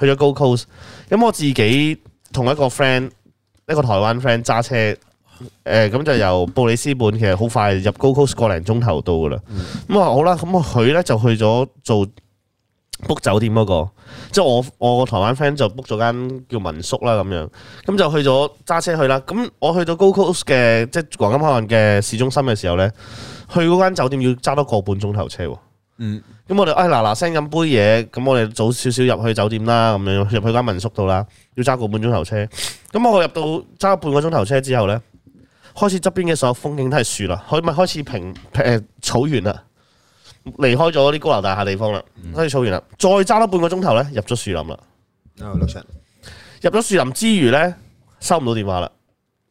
Speaker 1: 去咗 Gold Coast，咁我自己。同一個 friend，一個台灣 friend 揸車，誒、呃、咁就由布里斯本其實快高高、嗯、好快入 Gold Coast 個零鐘頭到噶啦。咁啊好啦，咁我佢咧就去咗做 book 酒店嗰、那個，即、就、係、是、我我台灣 friend 就 book 咗間叫民宿啦咁樣。咁就去咗揸車去啦。咁我去到 Gold Coast 嘅即係黃金海岸嘅市中心嘅時候咧，去嗰間酒店要揸多個半鐘頭車。嗯。咁我哋哎嗱嗱聲飲杯嘢，咁我哋早少少入去酒店啦，咁樣入去間民宿度啦。要揸個半鐘頭車，咁我入到揸半個鐘頭車之後呢，開始側邊嘅所有風景都係樹啦，佢咪開始平誒、呃、草原啦，離開咗啲高樓大廈地方啦，所以草原啦，再揸多半個鐘頭呢，入咗樹林啦、哦。六七入咗樹林之餘呢，收唔到電話啦，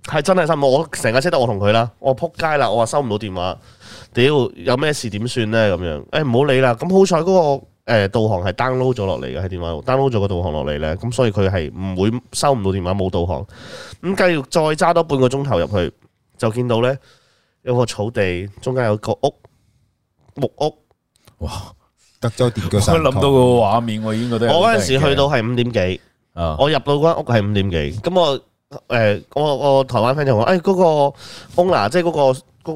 Speaker 1: 係真係收唔到，我成架車得我同佢啦，我撲街啦，我話收唔到電話，屌有咩事點算呢？咁樣，誒、欸，唔好理啦，咁好彩嗰個。誒導航係 download 咗落嚟嘅，喺電話度，download 咗個導航落嚟咧，咁所以佢係唔會收唔到電話冇導航。咁繼續再揸多半個鐘頭入去，就見到咧有個草地，中間有個屋木屋，哇！德州電鋸殺人。我諗到個畫面，我已經覺得。我嗰陣時去到係五點幾，我入到嗰間屋係五點幾。咁我誒我我台灣朋友就話：誒嗰個屋啊，即係嗰個嗰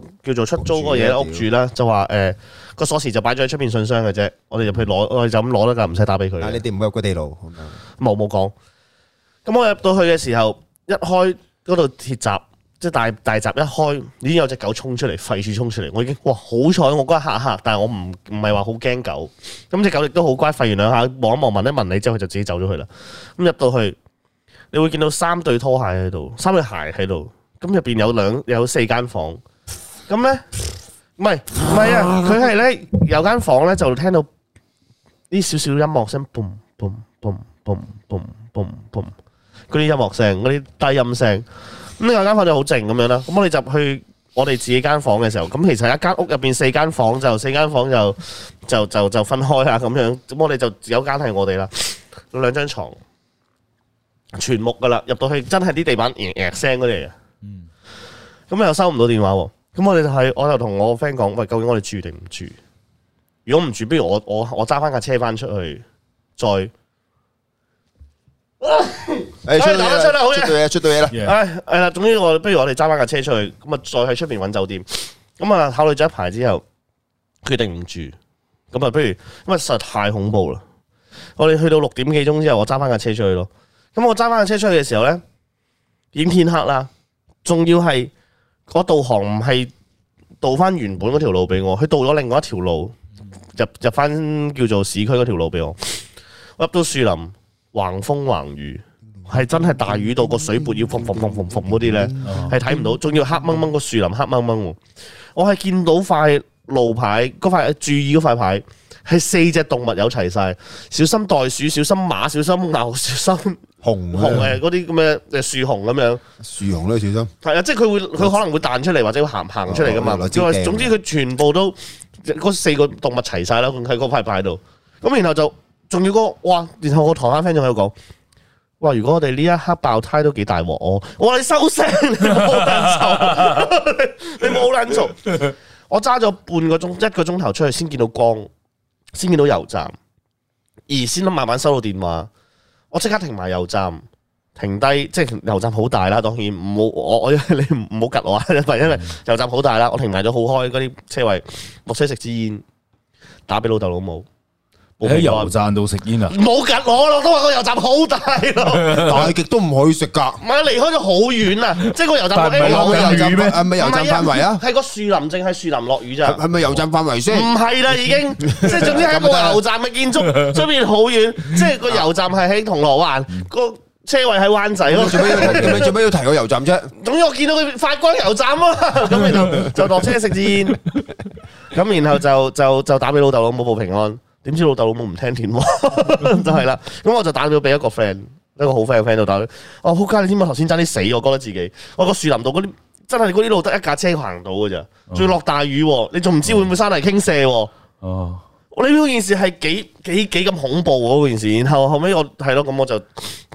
Speaker 1: 個叫做出租嗰個嘢屋住咧，就話誒。個鎖匙就擺咗喺出邊信箱嘅啫，我哋入去攞，我哋就咁攞得架唔使打俾佢。但係你哋唔會入個地牢，冇冇講。咁我入到去嘅時候，一開嗰度鐵閘，即係、就是、大大閘一開，已經有隻狗衝出嚟，吠住衝出嚟。我已經，哇，好彩我嗰一刻吓吓，但係我唔唔係話好驚狗。咁隻狗亦都好乖，吠完兩下望一望，聞一聞你之後，佢就自己走咗去啦。咁入到去，你會見到三對拖鞋喺度，三對鞋喺度。咁入邊有兩有四間房，咁咧。唔係唔係啊，佢係咧有間房咧就聽到啲少少音樂聲，boom boom boom boom boom boom boom 嗰啲音樂聲，嗰啲低音聲。咁另外間房就好靜咁樣啦。咁我哋入去我哋自己間房嘅時候，咁其實一間屋入邊四間房,四間房就四間房就就就就分開啦咁樣。咁我哋就有間係我哋啦，兩張床，全木噶啦。入到去真係啲地板啞啞聲嗰啲嚟嘅。嗯。咁又收唔到電話。咁我哋就係，我就同我 friend 講，喂，究竟我哋住定唔住？如果唔住，不如我我我揸翻架車翻出去，再
Speaker 3: 誒，哎哎、出啦，好嘢、哎，出到嘢，啦，
Speaker 1: 係啦、哎，總之我，不如我哋揸翻架車出去，咁啊，再喺出邊揾酒店，咁啊，考慮咗一排之後，決定唔住，咁啊，不如，因為實在太恐怖啦，我哋去到六點幾鐘之後，我揸翻架車出去咯，咁我揸翻架車出去嘅時候咧，已經天黑啦，仲要係。個導航唔係導翻原本嗰條路俾我，佢導咗另外一條路，入入翻叫做市區嗰條路俾我。我入到樹林，橫風橫雨，係真係大雨到個水撥要縫縫縫縫縫嗰啲咧，係睇唔到，仲要黑掹掹個樹林黑掹掹。我係見到塊路牌，嗰塊注意嗰塊牌。係四隻動物有齊晒，小心袋鼠，小心馬，小心牛，小心熊的熊誒，嗰啲咁嘅樹熊咁樣。樹熊都少咗。係啊，即係佢會佢可能會彈出嚟，或者會行行出嚟噶嘛。就、哦、總之佢全部都嗰四個動物齊晒啦，喺嗰塊擺喺度。咁然後就仲要個哇，然後我台灣 friend 仲喺度講，哇！如果我哋呢一刻爆胎都幾大鑊我，哇！你收聲，你冇撚嘈！你冇撚嘈。 我揸咗半個鐘，一個鐘頭出去先見到光。先見到油站，而先慢慢收到電話，我即刻停埋油站，停低，即係油站好大啦，當然唔好我我你唔好吉我，呀，因為油站好大啦，我停埋咗好開嗰啲車位，落車食支煙，
Speaker 2: 打俾老豆老母。
Speaker 1: 喺油站度食煙啊！冇噶，我我都話個油站好
Speaker 3: 大咯，
Speaker 2: 大極都唔可以食噶。
Speaker 1: 唔係，離開咗好遠啊！即係個油站。但係唔係落雨咩？係咪油站範圍啊？係個樹林，淨係樹林落雨咋。係咪油站範圍先？唔係啦，已經即係總之喺個油站嘅建築，出邊好遠。即係個油站係喺銅鑼灣，個車位喺灣仔咯。做咩要提個油站啫？總之我見到佢發光油站啊，咁然後就落車食支煙，咁然後就就就打俾老豆咯，報報平安。點知老豆老母唔聽電話 就係啦，咁我就打咗俾一個 friend，一個好 friend 嘅 friend 就打我。哦，撲街！你知唔知頭先差啲死，我覺得自己，我個樹林度嗰啲真係嗰啲路得一架車行到㗎咋，仲要落大雨，你仲唔知會唔會山泥傾瀉。哦我，我呢嗰件事係幾幾幾咁恐怖嗰件，那個、事。然後後尾我係咯，咁我就誒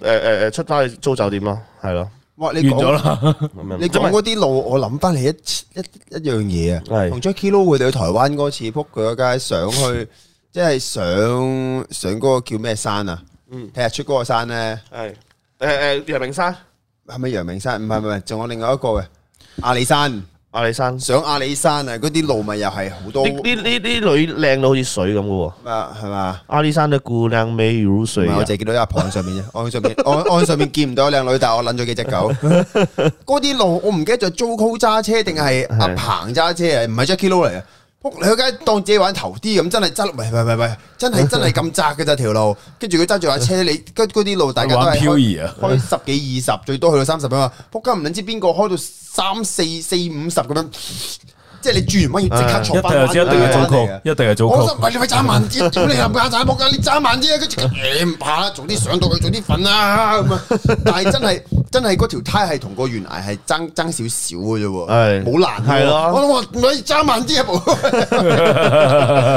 Speaker 1: 誒誒出返去租酒店咯，係咯。
Speaker 3: 哇！你完咗啦。你講嗰啲路我諗翻你一一一,一,一,一樣嘢啊，同 Jacky Low 佢哋去台灣嗰次撲佢個街上去。 即係上上嗰個叫咩山啊？睇日出嗰個山咧、啊，係誒誒陽明山，係咪陽明山？唔係唔係，仲有另外一個嘅、啊、阿里山，阿里山上阿里山啊！嗰啲路咪又係好多，呢
Speaker 1: 呢啲女靚到好似水咁嘅喎。啊，係嘛、啊？阿里山嘅姑娘美如水、啊。我淨係見到阿婆
Speaker 3: 上面， 我上面我上上面見唔到靚女，但係我擸咗幾隻狗。嗰啲 路我唔記得係 Zuko 揸車定係阿鵬揸車啊？唔係 Jackie Lou 嚟啊？屋你去街係當自己玩頭啲咁，真係窄，唔係唔係唔係，真係真係咁窄嘅，咋條路，跟住佢揸住架車， 你嗰啲路大家都開漂移啊，開十幾二十，最多去到三十啊嘛，仆街唔撚知邊個開到三四四五十咁樣。即係你住完晚要即刻坐翻、嗯，一定係一定係早過，一
Speaker 2: 定係早過。我心諗你咪揸慢啲，做咩你又硬
Speaker 3: 揸木架？你揸慢啲啊！跟住夾硬爬，早啲上到去，早啲瞓啦！咁啊！但係真係真係嗰條梯係同個懸崖係爭爭少少嘅啫喎，好難。係咯，我話我揸慢啲一步，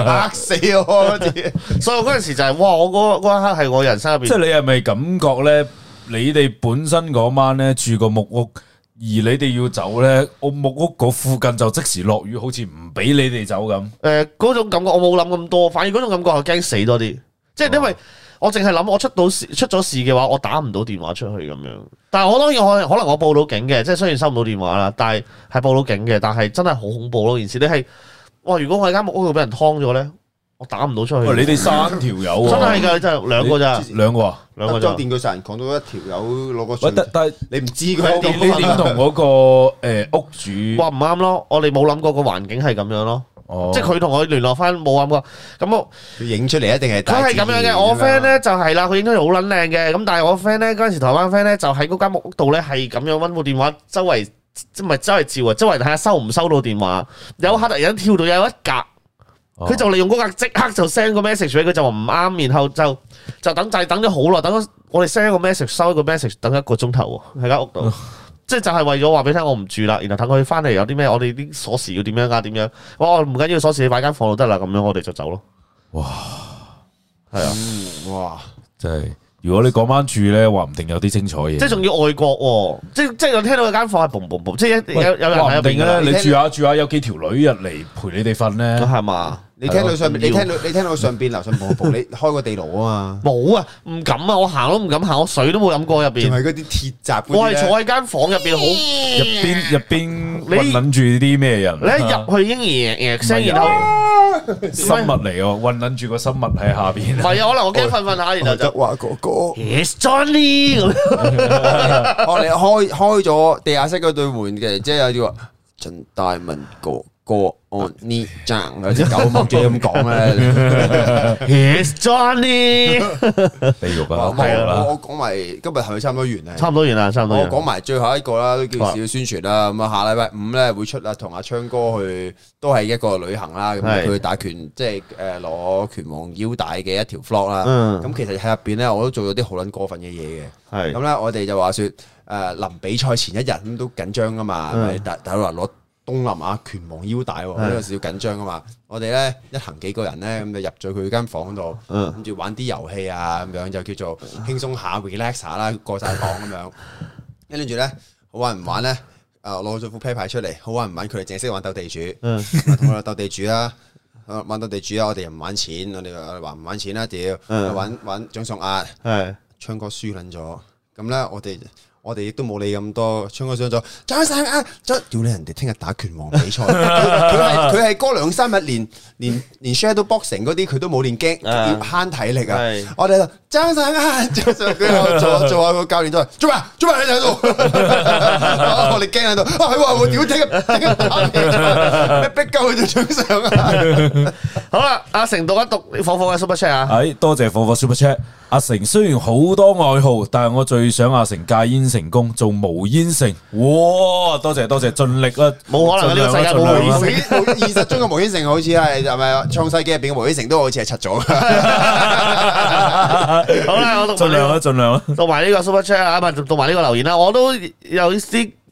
Speaker 1: 嚇死我嗰啲。所以嗰陣時就係、是、哇！我嗰一刻係我人生入邊。即係
Speaker 2: 你係咪感覺咧？你哋本身嗰晚咧住個木屋。而你哋要走呢，我木屋嗰附近就即時落雨，好似唔俾你哋走咁。誒、呃，嗰
Speaker 1: 種感覺我冇諗咁多，反而嗰種感覺我驚死多啲，即、就、係、是、因為，我淨係諗我出到事，出咗事嘅話，我打唔到電話出去咁樣。但係我當然我可能我報到警嘅，即係雖然收唔到電話啦，但係係報到警嘅。但係真係好恐怖咯，件事你係，哇、呃！如果我喺間木屋度俾人劏咗呢。」我打唔到出去。你哋三條友啊！真係噶，真係兩個咋？兩
Speaker 2: 個啊，兩個就將
Speaker 3: 電鋸殺人講到一條友攞個水。但但係你唔知佢你點同嗰個
Speaker 1: 誒屋主，話唔啱咯，我哋冇諗過個環境係咁樣咯。哦，即係佢同我聯絡
Speaker 3: 翻冇諗過。咁我影出嚟一定係。佢係咁樣嘅，我 friend
Speaker 1: 咧就係啦，佢影出嚟好撚靚嘅。咁但係我 friend 咧嗰陣時台灣 friend 咧就喺嗰間屋度咧係咁樣溫部電話周圍，唔係周圍照啊，周圍睇下收唔收到電話。有客人突然間跳到有一格。佢、哦、就利用嗰個即刻就 send 個 message 俾佢就話唔啱，然後就就等就係、等咗好耐，等我哋 send 一個 message 收一個 message 等一個鐘頭喺間屋度，哦、即係就係為咗話俾你聽我唔住啦，然後等佢翻嚟有啲咩，我哋啲鎖匙要點樣啊？點樣、啊？我唔緊要鎖匙，你擺間房就得啦，
Speaker 2: 咁樣我哋就走咯哇、啊嗯。哇，係啊，哇，真係如果你講翻住咧，話唔定有啲精彩嘢。即係仲
Speaker 1: 要外國、啊，即即係我聽到間房係 boom boom boom
Speaker 2: 即係有人喺入邊啦。你,聽你住下住下，有幾條女入嚟陪你哋瞓咧，係嘛？你聽到上邊？你聽
Speaker 3: 到你聽到上邊樓上瀑布？你開個地牢啊嘛？冇啊，唔敢啊！我行都唔敢行，我水都冇諗過入邊。係嗰啲鐵閘。我係坐
Speaker 1: 喺間房入邊，好入邊入邊。你
Speaker 2: 諗住啲咩人？你一入去嬰兒室然後生物嚟喎，混諗住個生物喺下邊。係啊，可能我驚瞓
Speaker 3: 瞓下，然後就話哥哥，It's Johnny 咁。我哋開開咗地下室嗰對門嘅，即係有啲話陳大文哥。個案呢，即係九百幾咁講啦。
Speaker 1: Here's Johnny，肥肉啊，係啦。我
Speaker 3: 講埋今日係咪差唔多完咧？差唔多完啦，差唔多。我講埋最後一個啦，都叫少宣傳啦。咁啊，下禮拜五咧會出啊，同阿昌哥去，都係一個旅行啦。咁佢打拳，即係誒攞拳王腰帶嘅一條 vlog 啦。咁其實喺入邊咧，我都做咗啲好撚過分嘅嘢嘅。係咁咧，我哋就話說誒，臨比賽前一日咁都緊張㗎嘛。咁啊，大大佬話攞。東南亞，拳王腰帶，有少少緊張噶嘛？的我哋咧一行幾個人咧，咁就入咗佢間房度，諗住玩啲遊戲啊，咁樣就叫做輕鬆下 relax 啦，過晒房咁樣。跟住咧，好玩唔玩咧，誒、啊，攞咗副啤牌出嚟，好玩唔玩，佢哋淨係識玩鬥地主，我哋鬥地主啊，玩鬥地主啊，我哋又唔玩錢，我哋話唔玩錢啦、啊，屌， 玩玩掌送押，係，唱歌輸捻咗，咁咧我哋。我哋亦都冇理咁多，唱歌上咗，張生啊，要你人哋聽日打拳王比賽。佢係佢係嗰兩三日連連連 shadow 都 boxing 嗰啲，佢都冇練 game，慳體力、uh, 啊！我哋張生啊，做做下個教練就做埋做埋喺度，我哋驚喺度。佢話我屌聽？咩逼鳩佢就張生啊？
Speaker 1: 好啦，阿成讀一讀，讀，讀放火火、啊、嘅 super chat 啊！
Speaker 2: 喺多謝火火 super chat。阿成雖然好多愛好，但係我最想阿成戒煙。成功做無煙城。哇！多謝多謝，盡力啦，冇可能啦，呢個世界冇意思。現實
Speaker 3: 中嘅無煙城，好似係，係咪創世紀入邊嘅無煙城，都好似係出咗。好啦，我盡量
Speaker 1: 啦，盡量啦，讀埋呢個 Super Chat 啊，唔係讀埋呢個留言啦，我都有啲。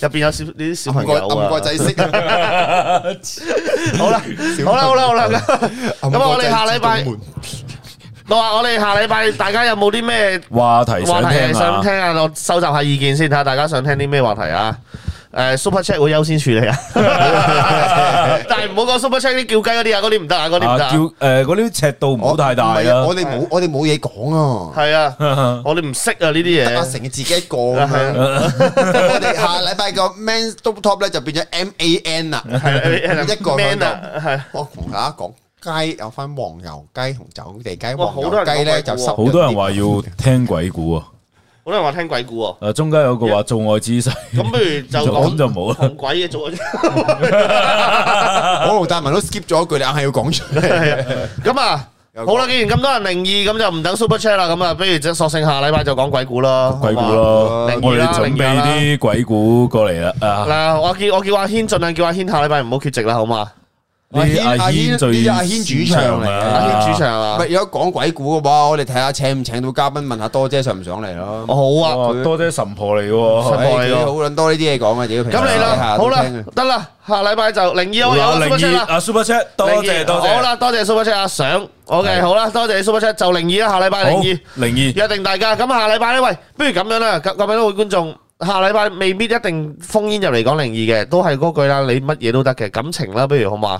Speaker 1: 入邊有小呢啲小朋友暗角仔識。好啦
Speaker 3: 好啦好啦好啦，
Speaker 2: 咁、 嗯、 我哋下禮拜，
Speaker 1: 到啊、嗯、我哋下禮拜 大家有冇啲咩
Speaker 2: 話題想聽啊？想聽
Speaker 1: 啊？我收集下意見先，睇下大家想聽啲咩話題啊？誒 super chat 會優先處理啊，但係唔好講 super chat 啲叫雞嗰啲啊，嗰啲唔得啊，嗰啲唔得啊，叫
Speaker 2: 誒嗰啲尺度唔好太大啦。我哋冇我哋冇嘢講啊，係
Speaker 1: 啊，我哋唔識啊呢啲嘢，成日自己一個。我
Speaker 3: 哋下禮拜個 man double top 咧就變咗 man 啦，一個 man 啊。我同大家講雞有分黃油雞同走地雞，黃油雞咧就濕。
Speaker 2: 好多人話要聽鬼故啊。
Speaker 1: 好多人話聽鬼
Speaker 2: 故喎，誒中間有個話做愛之際，咁不如就講就冇啦，講鬼嘢做啊！我同大文都 skip 咗一句，你硬係要講出嚟，
Speaker 3: 咁啊，好
Speaker 1: 啦，既然咁多人靈異，咁就唔等 Super Chat 啦，咁啊，不如即係索性下禮拜就講鬼故啦，鬼故咯，我哋準備啲鬼
Speaker 2: 故過嚟啦，嗱，
Speaker 3: 我叫我叫阿軒盡量叫阿軒下禮拜唔好缺席啦，好嘛？
Speaker 2: 係阿軒，呢個阿軒主
Speaker 3: 唱嚟嘅，阿軒主唱啊！唔係，如果講鬼故嘅話，我哋睇下請唔請到嘉賓，問下多姐上
Speaker 2: 唔上嚟咯。好啊，多姐神婆嚟，幾好捻多呢啲嘢講嘅。咁嚟啦，好啦，
Speaker 1: 得啦，下禮拜就靈異我有，靈異阿 Super
Speaker 2: Chat，多謝，好啦，
Speaker 1: 多謝 Super Chat 阿想，OK，好啦，多謝 Super Chat 就靈異啦，下禮拜靈異，靈異，約定大家。咁下禮拜咧，喂，不如咁樣啦，咁咁樣咧，觀眾下禮拜未必一定封煙入嚟講靈異嘅，都係嗰句啦，你乜嘢都得嘅，感情啦，不如好嘛？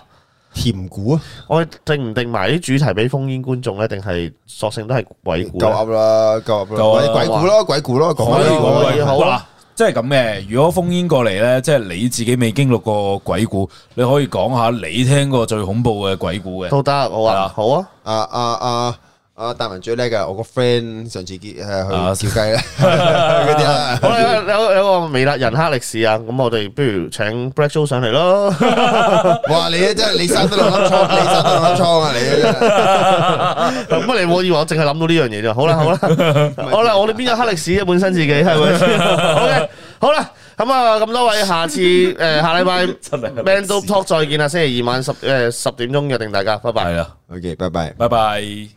Speaker 1: 甜故啊！我定唔定埋啲主題俾烽煙觀眾咧？定係索性都係鬼故？夠
Speaker 3: 啦，夠啦，鬼故咯，鬼故咯，講鬼故。嗱，
Speaker 2: 即係咁嘅。如果烽煙過嚟咧，即係你自己未經歷過鬼故，你可以講下你聽過最恐怖嘅鬼故嘅。都
Speaker 3: 得，好啊，好啊，啊啊啊！啊，達文最叻嘅，我個 friend 上次結係去笑計啦。有有個微辣人黑歷史啊，咁我哋不如
Speaker 1: 請 Black Joe 上嚟咯。
Speaker 3: 哇，你啊真係你生得兩粒倉，你生得兩粒倉啊你啊
Speaker 1: 真係。咁啊，你冇 以為我淨係諗到呢樣嘢啫。好啦好啦，好啦， 我哋邊有黑歷史啊？本身自己係咪 ？OK，好啦，咁啊，咁多位，下次誒、呃、下禮拜，真係，Mando Talk 再見啦。星期二晚十誒、呃、十點鐘約定大家，拜拜。係啊的，OK，拜拜，拜拜。